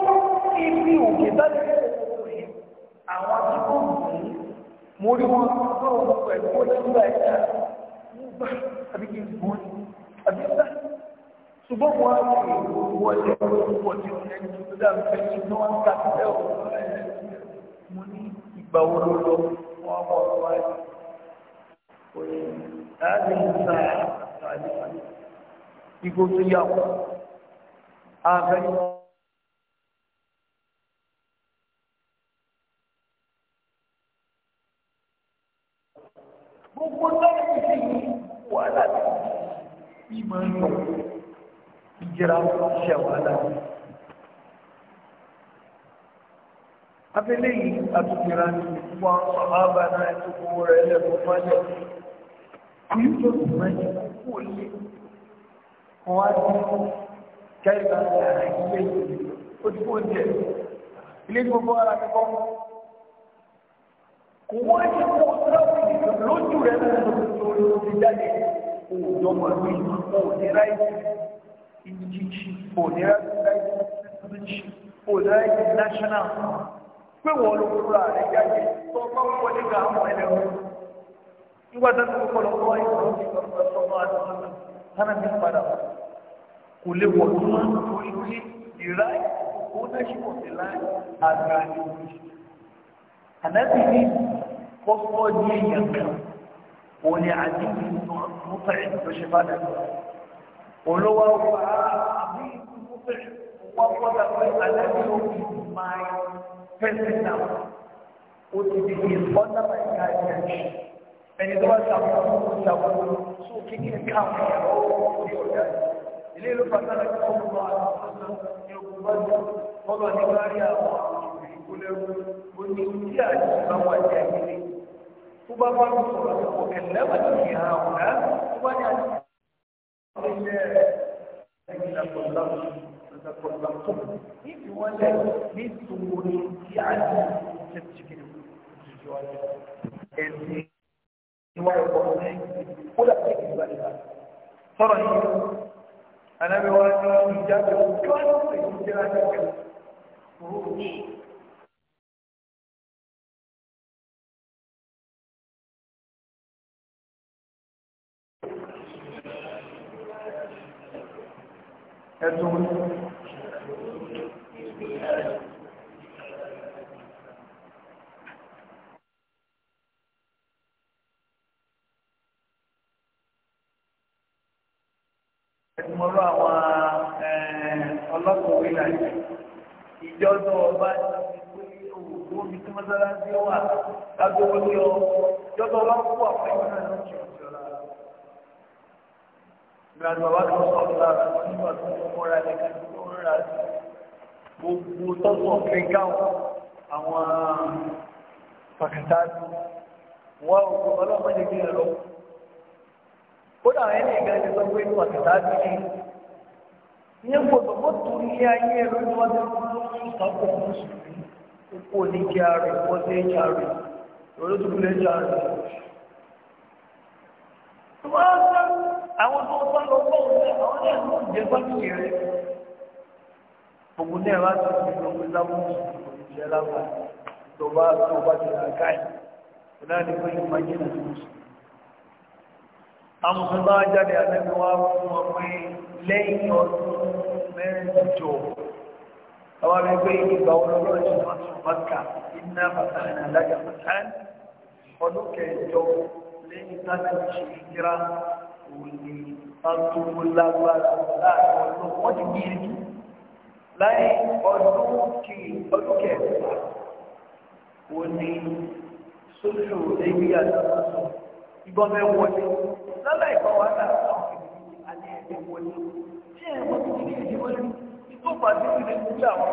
ibi òkè dájú àwọn tí ó wù ú mo rí wọn tó wọn pẹ̀lú ó ti gbà ẹ̀ka mo gbà àbí kí n gbọ́ àbí sá ṣùgbọ́n wọn á fi ìwọ̀n wọlé wọ́n ti rẹ̀ ní ìdúdà fẹ́ ṣùgbọ́n wọn kà sí ẹ̀ gbàwó lọ́lọ́ wọn bọ̀ wáyé kò yẹ láti mú sáà àti igbó tó yà wọ́n abẹ́rẹ́. gbogbo lẹ́yìn sí wàhálà ìmọ̀ ìjọba ìjẹra ṣe wàhálà yìí. abẹ́lé yìí àtúnyẹ̀rá ní ìfúnwá ọ̀hábà náà ẹ̀tọ́kọ̀ rẹ̀ lẹ́nu fájọ́ kìí tó mẹ́jì kúkú lé wọ́n á ní kẹ́rìbà lára ilé yìí ó ti kó jẹ ilé tí gbogbo ara kíkọ́ kò wọ́n ṣe kó tíráfìkì lójú rẹ̀ lọ́dún tó ti jáde òòjọ́ mọ̀ ní òní ráìsì ìjìjì òní ráìsì òní ráìsì national pé wọ́n ló wúra rẹ̀ jáde tó bá wọlé ga àwọn ẹlẹ́wọ̀n nígbà tó ń kọ́ lọ kọ́ ìwọ̀n ti lọ sọ fún àdúgbò tánà mi padà kò lè wọ̀ tó máa ń torí pé ìrá ownership of the land àgbà ìwé ànábì ní kọ́kọ́ ní èèyàn kan òun ni àdúgbò náà mú fẹ́rẹ̀ ló ṣe bá dàgbà olówó àwọn àbí mú fẹ́rẹ̀ wọ́n pọ̀ dàgbà ànábì ó person now ó ti di his under my guidance ẹni tó bá ṣàkóso ó ṣàkóso so kíkì ká àwọn ẹ̀rọ ní ọ̀gá ilé ìlú pàtàkì tó ń lọ àwọn ọ̀sán ní ogun bá jù fọlọ ní kárí àwọn ìgbìkúlẹ̀rù ó ní tí àjù bá wà ní ẹgbẹ́ tó bá bá ń sọ̀rọ̀ ní ọ̀kẹ́ lẹ́wà ní ìhà ọ̀gá tó bá ní àjù bá ń sọ̀rọ̀ ní ẹgbẹ́ ẹgbẹ́ ìlàkọ̀ọ́lá If you want that, this woman, she actually just chicken. And ìwà ẹ̀kọ́ ọ̀rẹ́ ó dà sí ìgbà ìgbà. Sọ̀rọ̀ yìí, anábẹ́wá ní ìjábẹ̀ ojú àìsàn ìjẹ́ra jẹ́jẹ́ òru ní. Ẹ̀sùn jọ́dọ̀ ọba òwò mi tí mọ́sálásí wà lábẹ́ owó ní ọ jọ́dọ̀ ọba kú àwọn ẹ̀yìn náà ló ń ṣe ọ̀ṣọ́ la. ìrìnàjò bàbá kan sọ ọ́ lára nígbà tó ń mọ́ra ẹ̀ ká tó ń rà sí gbogbo tọ́sán fíńkà àwọn pàkàtà wọn ò ọlọ́mọdé bí ẹ lọ. kódà ẹni ìgbà ti sọ pé pàkàtà ti ìyẹn gbọdọ̀ mọ́ torí ilé ayé ẹ̀rọ ìwádìí ọdún sábà mùsùlùmí ipò oníjà rẹ̀ wọ́dé ìjà rẹ̀ olódùbúlẹ̀ ìjà rẹ̀. wọ́n á sá àwọn tó bá lọ bọ́ òun náà àwọn náà ló ń jẹ́ gbàgbé rẹ̀. ògùn náà wá sí ìlú ọgbẹ́ lábúrú ìjẹ́ lábàá tó bá tó bá ti rà káì kò náà ní pé ìmọ̀ ajé mùsùlùmí. àwọn bá jáde àlẹ́ wá fún ọ pé lẹ́yìn ọdún mẹ́jọ àwọn ẹgbẹ́ ìgbà olóró ẹ̀sùn fásitì mọ́kà iná fàtàlẹ̀ alága fàtàlẹ̀ ọdún kẹjọ lẹ́yìn tánàlì ṣe kíra òní pàtó lágbára láàrin ọdún wọ́n ti bí ìrìkì láì ọdún kí ọdún kẹfà òní sóṣù lẹ́yìn àtàkùn ìbọn mẹ́wọ́lé lọ́lá ìbọn wà láàrin ọdún kẹfà alẹ́ ẹ̀dẹ́wọ́lé tí ẹ̀ wọ́n ti ní ìdíwọ́ ní tó pàdé ìdílé níbi àwọn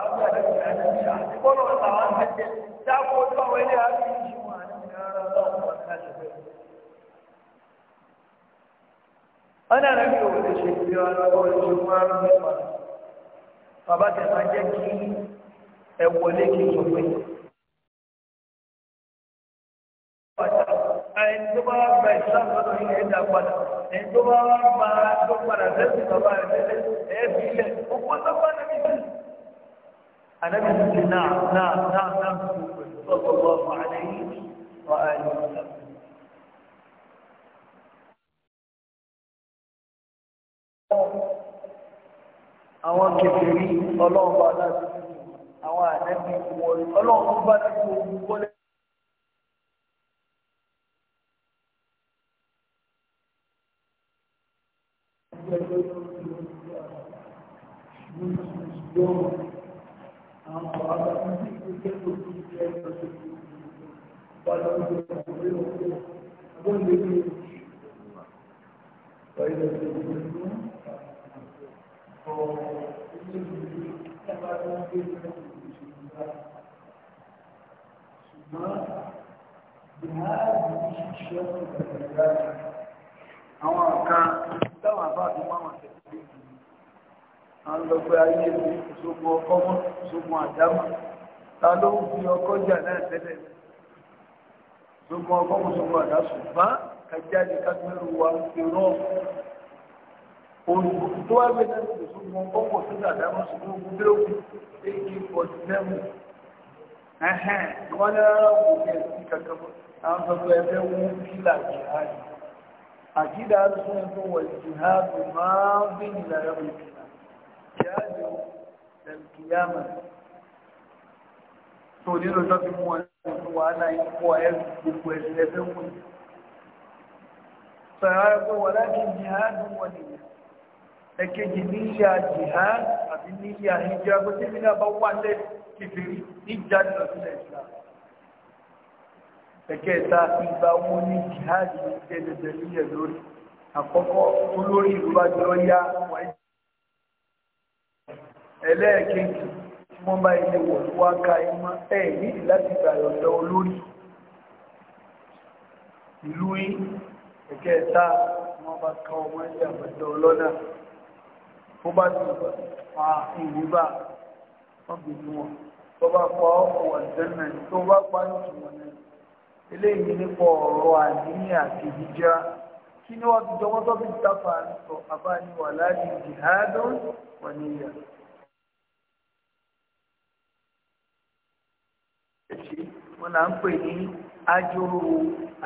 àgbà àti àti ìṣà ìbọ́lọ̀ làwọn àgbẹ̀ dáko tó àwọn ilé àti ìṣùwọ̀n àti ìkàrà lọ́wọ́ wọn káṣẹ̀ bẹ́ẹ̀. wọ́n náà rẹ̀ bí òun lè ṣe fi ọ̀rọ̀ ọ̀rọ̀ ìṣùwọ̀n àrùn nípa bàbá tẹ̀sán jẹ́ kí ẹ wọlé kí n sọ pé ẹni tó bá gba ìsìlámù lọ́dọ̀ yìí padà ẹni tó gba tó padà sẹ́sìn bàbá rẹ̀ tẹ́lẹ̀ ẹ̀ fi ilẹ̀ ọ̀pọ̀ tó bá nàbí sí. ti ti náà náà náà náà ti tó gbogbo ọmọ àlẹ́ yìí wà á yọ Àwọn kẹfìrí ọlọ́run bá láti àwọn wọlé ọlọ́run يوم أما هذا الذي يكتب في كتاب فلو يكتبه قل لي فإذا تكلمتم ثم بهذه الشرط أو كان سواء بعض ما à ń lọ pé ayé mi ṣogun ọkọ mọ́ ṣogun àdámọ́ ta ló ń fi ọkọ jà náà tẹ́lẹ̀ ṣogun ọkọ mọ́ ṣogun àdá ṣùgbọ́n kájáde kágbẹ́rù wa ti rọ̀ olùkọ́ tó wá gbé náà ti ṣogun ọkọ mọ́ ṣogun àdámọ́ ṣogun ogun bẹ́ẹ̀ òkú èyí forty seven ẹ̀hẹ́n wọ́n ní rárá òkú ẹ̀ sí kankan mọ́ àwọn sọ pé ẹgbẹ́ wọn kílà jihad àkídà sún ẹ̀fọ́ wọ̀ jihad máa ń gbé ìlànà òkú ìjáde ìdàlùkìyàmà tó nínú ọjọ́ bí wọ́n ti fún wàhálà ìpọ̀ ẹ̀rù gbogbo ẹ̀sìn ẹ̀fẹ́ wù ní. sọ̀rọ̀ ẹ̀kọ́ wà láti jihad wọn nìyẹn ẹ̀kejì níyà jihad àbí níyà ìjọ agbóṣe mi náà bá wà lẹ́ kìfìrí ìjà lọ sílẹ̀ ìsìlá. ẹ̀kẹta ìgbà wo ni jihad ní tẹ̀lẹ̀tẹ̀lẹ̀ lórí àkọ́kọ́ olórí ìlú bá jọ yá wáyé ẹlẹ́ẹ̀kejì tí wọ́n bá ilé wọ̀ tó wá ka ẹmọ ẹ̀ nídìí láti gbàyọ̀dọ̀ olórí ìlú yìí ẹ̀kẹta wọ́n bá ka ọmọ ẹ̀jẹ̀ àgbẹ̀dọ̀ ọlọ́dà ó bá ti pa ìwúbà ọ̀gbìn wọn tó bá pa ọkọ̀ àjẹ́nà tó bá pa ìtumọ̀ náà eléyìí nípa ọ̀rọ̀ àníyàn àti ìjíjá kí ni wọ́n ti jọ wọ́n tó fi dáfà sọ àbáyé wà láàrin jihadun wà níyà ṣe wọ́n na ń pè ní ajoro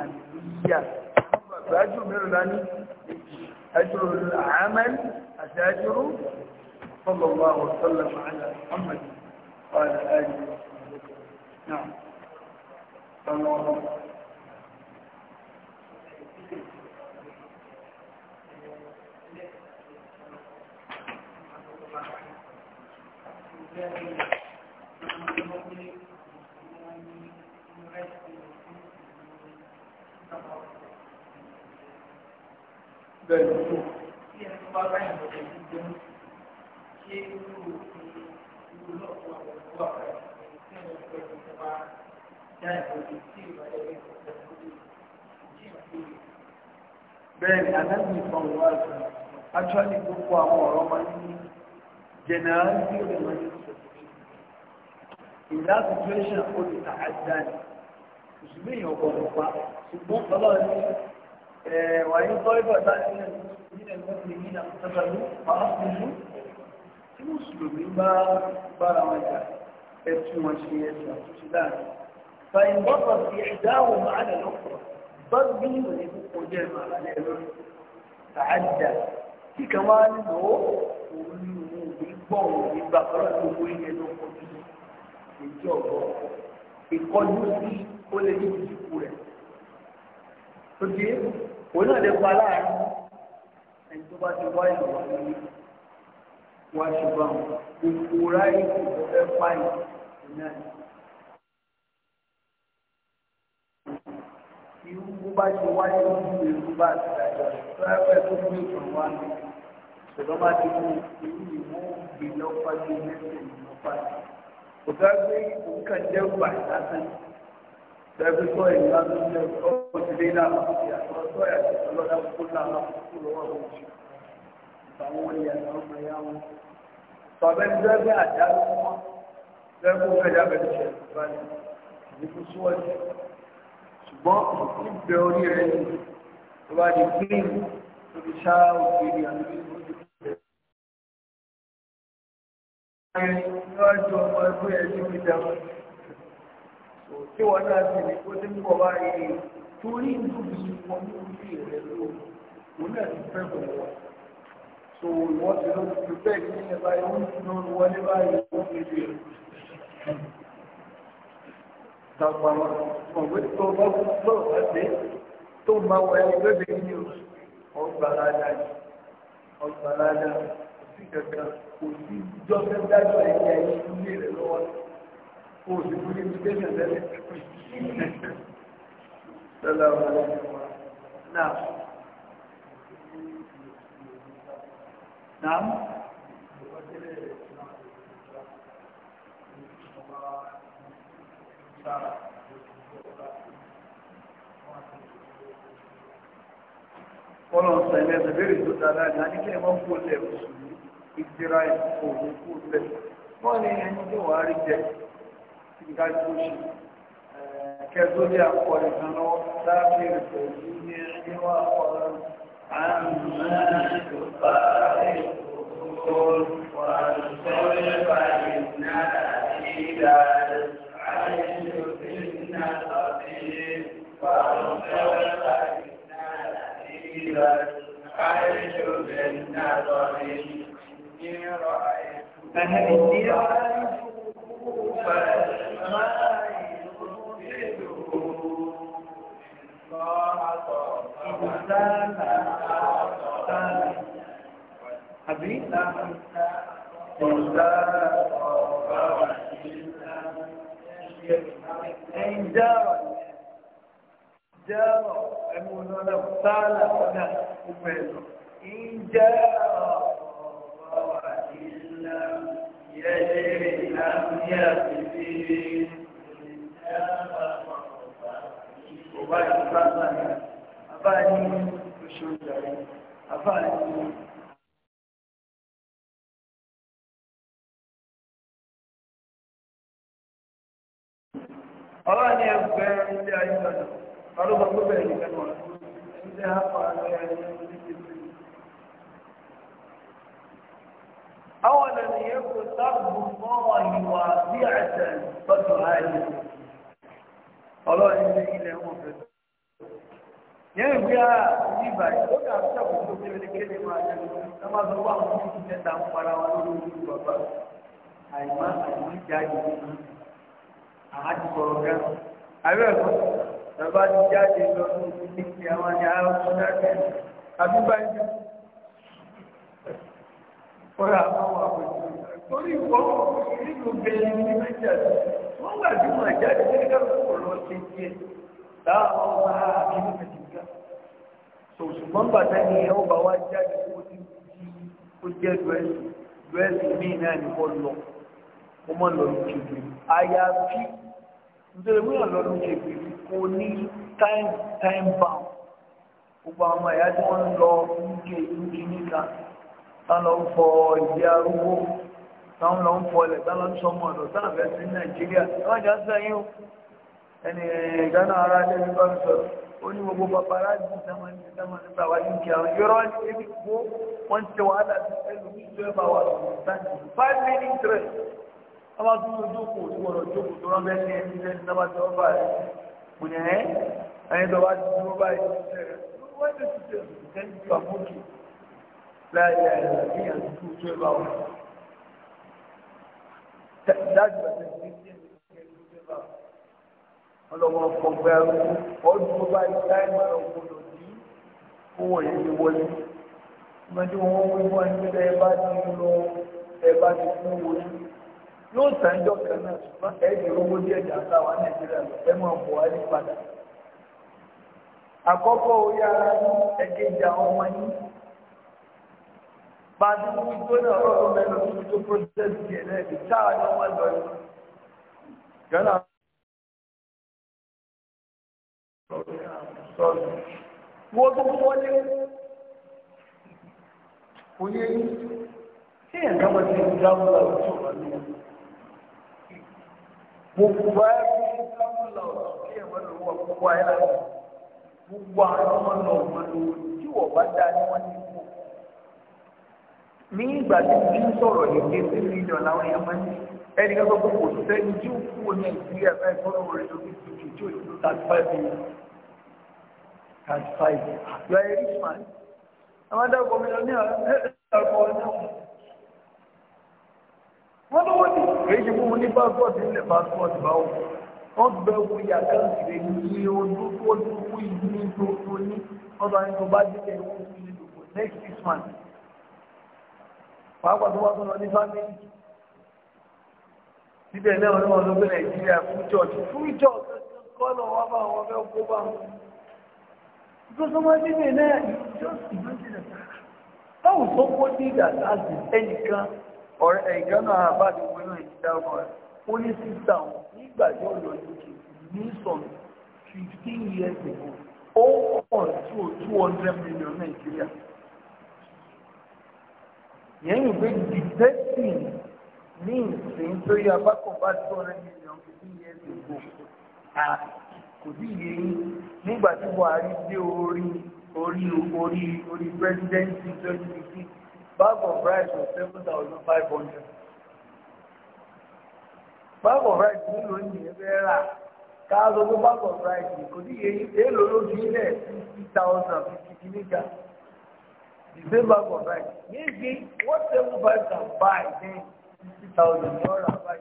àníyà gbogbo ajúrò mẹ́rin lání ajúrò àmẹ́lì àti ajoro sọlọ́wọ́ àwọn sọlọ́ màálà ọmọdé wàhálà ayé náà sọlọ́wọ́. Thank you. bẹ́ẹ̀ ni kú. bí ẹni bá báyìí lọ sí ìdíje mú ṣé irú irú náà wà lọ́wọ́ wà báyìí tí ẹni bá bẹ́ẹ̀ tó bá já ìwòye tí ìbàdàn rẹ̀ kò tẹ̀ lórí ìdí ìdíje. bẹ́ẹ̀ ni adágún ìfọ̀n wà lọ actually gbogbo àwọn ọ̀rọ̀ máa ń ní وإن طلب ذلك من المسلمين اقتتلوا فأصلحوا tí mùsùlùmí bá bára wọn jà ẹtù wọn ṣe ẹsẹ àtúnṣe láàrin fàyìn bọ́tọ̀ sí ìdáhùn màálà lọ́pọ̀ bọ́ọ̀lù bí ìwé ní kókó jẹ́ màálà lẹ́rọ tààdà tí kan wá ní lò ó òun ní òun òbí gbọ́ òun ní gbà kọ́ lọ́dún owó yẹn ló kọ́ bí èjì ọ̀bọ ìkọjú sí ó lè ní ìdíkù rẹ̀ tó dé òun náà lè pa láàrin ẹni tó bá ti wá ìwà ní wá ṣùgbọ́n gbogbo ráyè kò fẹ́ pààyàn òun náà ni. irú bó bá ṣe wáyé lójú ìlú bá ti dájọ́ tó yẹ pé tó fún ìtàn wá ní ṣùgbọ́n bá ti mú irú ìwọ òbí lọ́pàá ju mẹ́sẹ̀ lọ́pàá. kò fẹ́ gbé òun jẹ́ gbà lásán Tẹ́bí sọ ìlú àtúnṣe ọkọ̀ ti dé náà àti àtúnṣe àti ọlọ́dà kó náà kó lọ́wọ́ àwọn oṣù. Àwọn ìyá náà ọmọ ìyá wọn. Bàbá ẹni tẹ́bí àjá ló wọ́n. Tẹ́bí ó fẹ́jà bẹ̀rẹ̀ ṣẹ̀ báyìí. Ìdí kò sọ ẹ̀jẹ̀. Ṣùgbọ́n ìgbẹ́ orí rẹ̀ ni tó bá di green tó fi ṣá òkèèrè àti ìgbésí ìgbésí. Ẹni tó wá ju ọmọ ẹgbẹ́ ẹ̀ tí wọ́n náà sì ní kó tí ń bọ̀ báyìí torí ìlú yìí wọn ní orí rẹ̀ ló wọn náà ti fẹ́ bọ̀ wọ́n. so ìwọ́n ti ló ti bẹ́ẹ̀ ní ilẹ̀ báyìí wọ́n ti lọ wọlé báyìí wọ́n fi rí rẹ̀. Tàpá ọ̀gbẹ́ tó bá kú lọ́wọ́ bá dé tó máa wọ ẹni bẹ́ẹ̀ ní o ọgbà ládà ọgbà ládà kò sí kankan kò sí jọ́sẹ̀ dájọ́ ẹ̀yà ẹ̀yìn ilé rẹ̀ lọ́wọ́ o sì fún ní tẹ́sẹ̀ lẹ́lẹ̀ lọ́la wọlé náà náà Fọ́lọ̀ ọ̀sẹ̀ ilẹ̀ ìbẹ̀rẹ̀ tó dára ní a ní kí ẹmọ́ kó lẹ̀ òṣùlú, ìgbéra ìfòòrùn kó lẹ̀. Wọ́n ní ẹni tí wọ́n á rí jẹ ìdájú ṣe kẹzọ́lé àkọlù kanáà láàrin pẹ̀lú ní ẹgbẹ́wà ọ̀rọ̀ àmà ìjọba ìgbòkòrò wà lọ́rẹ́ báyìí náà ìdá أهل الديار Àbí? Ẹyin dáwà, dáwà, ẹmú ọ̀nà ọ̀nà sáàlà ọ̀nà ọmọ ẹ̀lọ. Ìjẹ́ ọ̀rọ̀ ọ̀rọ̀ àti ìlànà yẹ́ الكافرين أفاني وشوجعي أفاني ọlọ́run ni ẹgbẹ́ ilé ayé lọ́dọ̀ ọlọ́gbọ̀n gbọ́dọ̀ ẹ̀yìn lẹ́nu ọ̀dọ́ ẹ̀yìn lẹ́nu ọ̀dọ́ يكن ترض الله واسعة فتهاجر ọlọ́run ní ilẹ̀ wọn fẹ́ yẹn bí a ní báyìí ó dà sí àwọn tó kéré kéde máa jẹ ẹ máa sọ wà wọn kí ẹ ta ń para wọn lórí ojú bàbá àìmá àìmá jáde nínú àti sọ̀rọ̀ gan abẹ́ ẹ̀kọ́ bàbá ti jáde lọ sí ibi tí àwọn ni a ń sọdá àbí báyìí ó rà àwọn àpèjì torí ìwọ nínú bẹ̀rẹ̀ ní nàìjíríà wọ́n wà ní wọn jáde ní ká kó lọ sí díẹ̀ táwọn bá nínú nàìjíríà ni ẹ̀ ọba wa jáde kó ti di ó jẹ́ dúrẹ́sì dúrẹ́sì míì náà ni wọ́n lọ wọ́n mọ̀ lọ lókè bìrì àyàfi nítorí wọ́n lọ lókè bìrì kò ní time time bound gbogbo àwọn ẹ̀yà tí wọ́n ń lọ ń ké ń ké níta ń fọ ìdí arúgbó táwọn lọ ń fọlẹ̀ táwọn ń sọmọ ọ̀dọ̀ táwọn fẹ́ sí nàìjíríà wọ́n jà sẹ́yìn o ẹni ìdáná ara ilé mi bá mi sọ̀rọ̀ ó ní gbogbo bàbára jù sẹ́mọ̀ ní sẹ́mọ̀ nípa wà ní ìkíyà yọrọ ẹni kó wọ́n ti wàhálà sí ẹlò tó bá wà lọ́wọ́ sáàtì five minutes rẹ̀ wọ́n bá tún lójókòó tí wọ́n lọ jókòó tó rán bẹ́ẹ̀ ní ẹni lẹ́ni náà bá ti wọ́n bá rẹ̀ kò ní ẹ́ ẹni tó bá ti dúró báyìí wọ́n ti ti tẹ̀ ẹ́ ní ìgbà fókè láyé dájú ẹsẹ ti ti ọlọ́wọ́ fọgbẹ́ ọdún tó bá ìgbà ìgbà ògbódò ní owó yẹn ti wọlé ìmọ̀jú wọn wọ́n wọ́n ń gbé ẹ bá ti lọ ẹ bá ti fún wọlé yóò sàǹjọ kan náà ṣùgbọ́n ẹ ní owó díẹ̀ jà sáwà nàìjíríà lọ ẹ máa bọ̀ wá ní padà àkọ́kọ́ orí ara ní ẹ̀kejì àwọn ọmọ yìí bá a dúró fi tó náà ọ̀rọ̀ mẹ́nu tó tó protest yẹn náà kì í sáà ní wọ́n lọ yìí. Gánà sọ̀rọ̀ wọ́n tó wọlé kò yẹ yín tí ẹ̀ náà wọ́n ti ń dáhùn láwùjọ wọn ní wọn. Gbogbo ayé ń dáhùn láwùjọ kí ẹ̀ wọ́n lò wọ́n gbogbo ayé láwùjọ. Gbogbo àwọn ọmọ náà wọ́n lò wọ́n tí wọ́n bá dá ní wọ́n ní ní ìgbà tí mo ń sọ̀rọ̀ yìí pé pé mílíọ̀nù làwọn èèyàn máa ń ní ẹni kan sọ pé kò sẹ́ni tí ó kú ní nàìjíríà fẹ́ fọ́nà orin tó fi tuntun tí ó yẹ kó thirty five million thirty five you are a rich man àwọn adágún mi lọ ní ọ̀rọ̀ ọ̀nà wọ́n lọ́wọ́ ní èyí fún mi ní passport nílẹ̀ passport báwo wọ́n bẹ wo yàtọ̀ ìrè ní ojú tó dúró tó tó ní ọ̀dọ̀ àyìnbó bá tó ní lòpọ̀ next six months pàápàá tó wá tó lọ ní fámìlì síbẹ̀ náà ní wọn ló gbé nàìjíríà fún church fún church kọ́lọ̀ wá bá wọn fẹ́ kó bá wọn. Ìjọba máa ń dínlẹ̀ náà just imagine it. Báwo tó kó ní ìdàgbà àti ẹnìkan ọ̀rẹ́ ẹ̀yìnkan náà àbáde owó náà ti dá ọmọ rẹ̀. Ó ní sísá wọn nígbà tí lọ some fifteen years ago. Ó pọ̀ two hundred million Nàìjíríà yẹn ìwé dìtẹ́tì ní ìsìn tó yẹ abákọ̀ọ́bá tó rẹ̀ mílíọ̀n fifteen years ago à kò sí iye yín nígbà tí buhari dé orí orí orí orí pẹ́sidẹ́ǹtì twenty fifteen bag of rice was seven thousand five hundred bag of rice nílò ìyẹn fẹ́ rà káàzọ́ tó bag of rice kò sí iye yín èèlò ló fi ilẹ̀ fifty thousand fifty kìíní kan the same bag of rice maybe what they will buy can buy then sixty thousand dollars. buy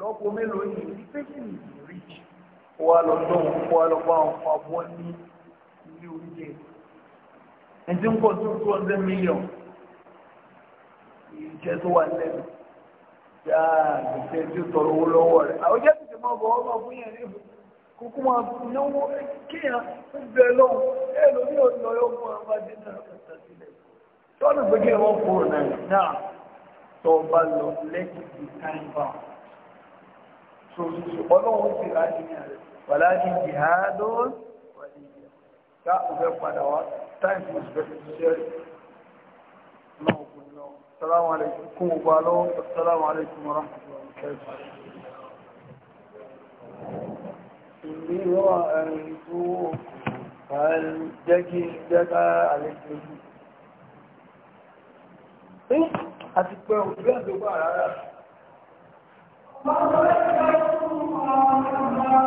lọ́pọ̀ mélòó yìí the patient is rich wà lọ́dọ̀ wà lọ́pọ̀ àwọn ọmọ àbọ̀ ní ilé oúnjẹ ẹ̀jẹ̀ ń pọ̀ tó two hundred million ìjẹ́ tó wà lẹ́nu yá ìjẹ́ tó tọrọ owó lọ́wọ́ rẹ̀ àwọn ìjẹ́ tètè máa bọ̀ ọmọ fún yẹn níbo kókó máa náwó kéèyàn ń bẹ lọ́wọ́ ẹ̀ lómi ò lọ́yọ́ fún àwọn adé náà. tọ́lù gbẹ́gẹ́ wọ́n kúrò náà tó bá lọ lẹ́yìn di káńbà tó ọlọ́run ti láti ní àrẹ wàlá ní jihadó wàlí ká òfẹ́ padà wá táìmù ìfẹ́ ṣiṣẹ́ náà kò ní ọ salamu alaikum kó o bá lọ salamu alaikum wa rahmatullahi wa barakatuh. Ìlú wa ẹni tó kàn jẹ́ kí jẹ́ ká àlejò yìí. ẹ́ àti pẹ́ òbí àdúgbò àrárá. Mọ̀lẹ́gbẹ̀ẹ́ fún ọmọ ọmọ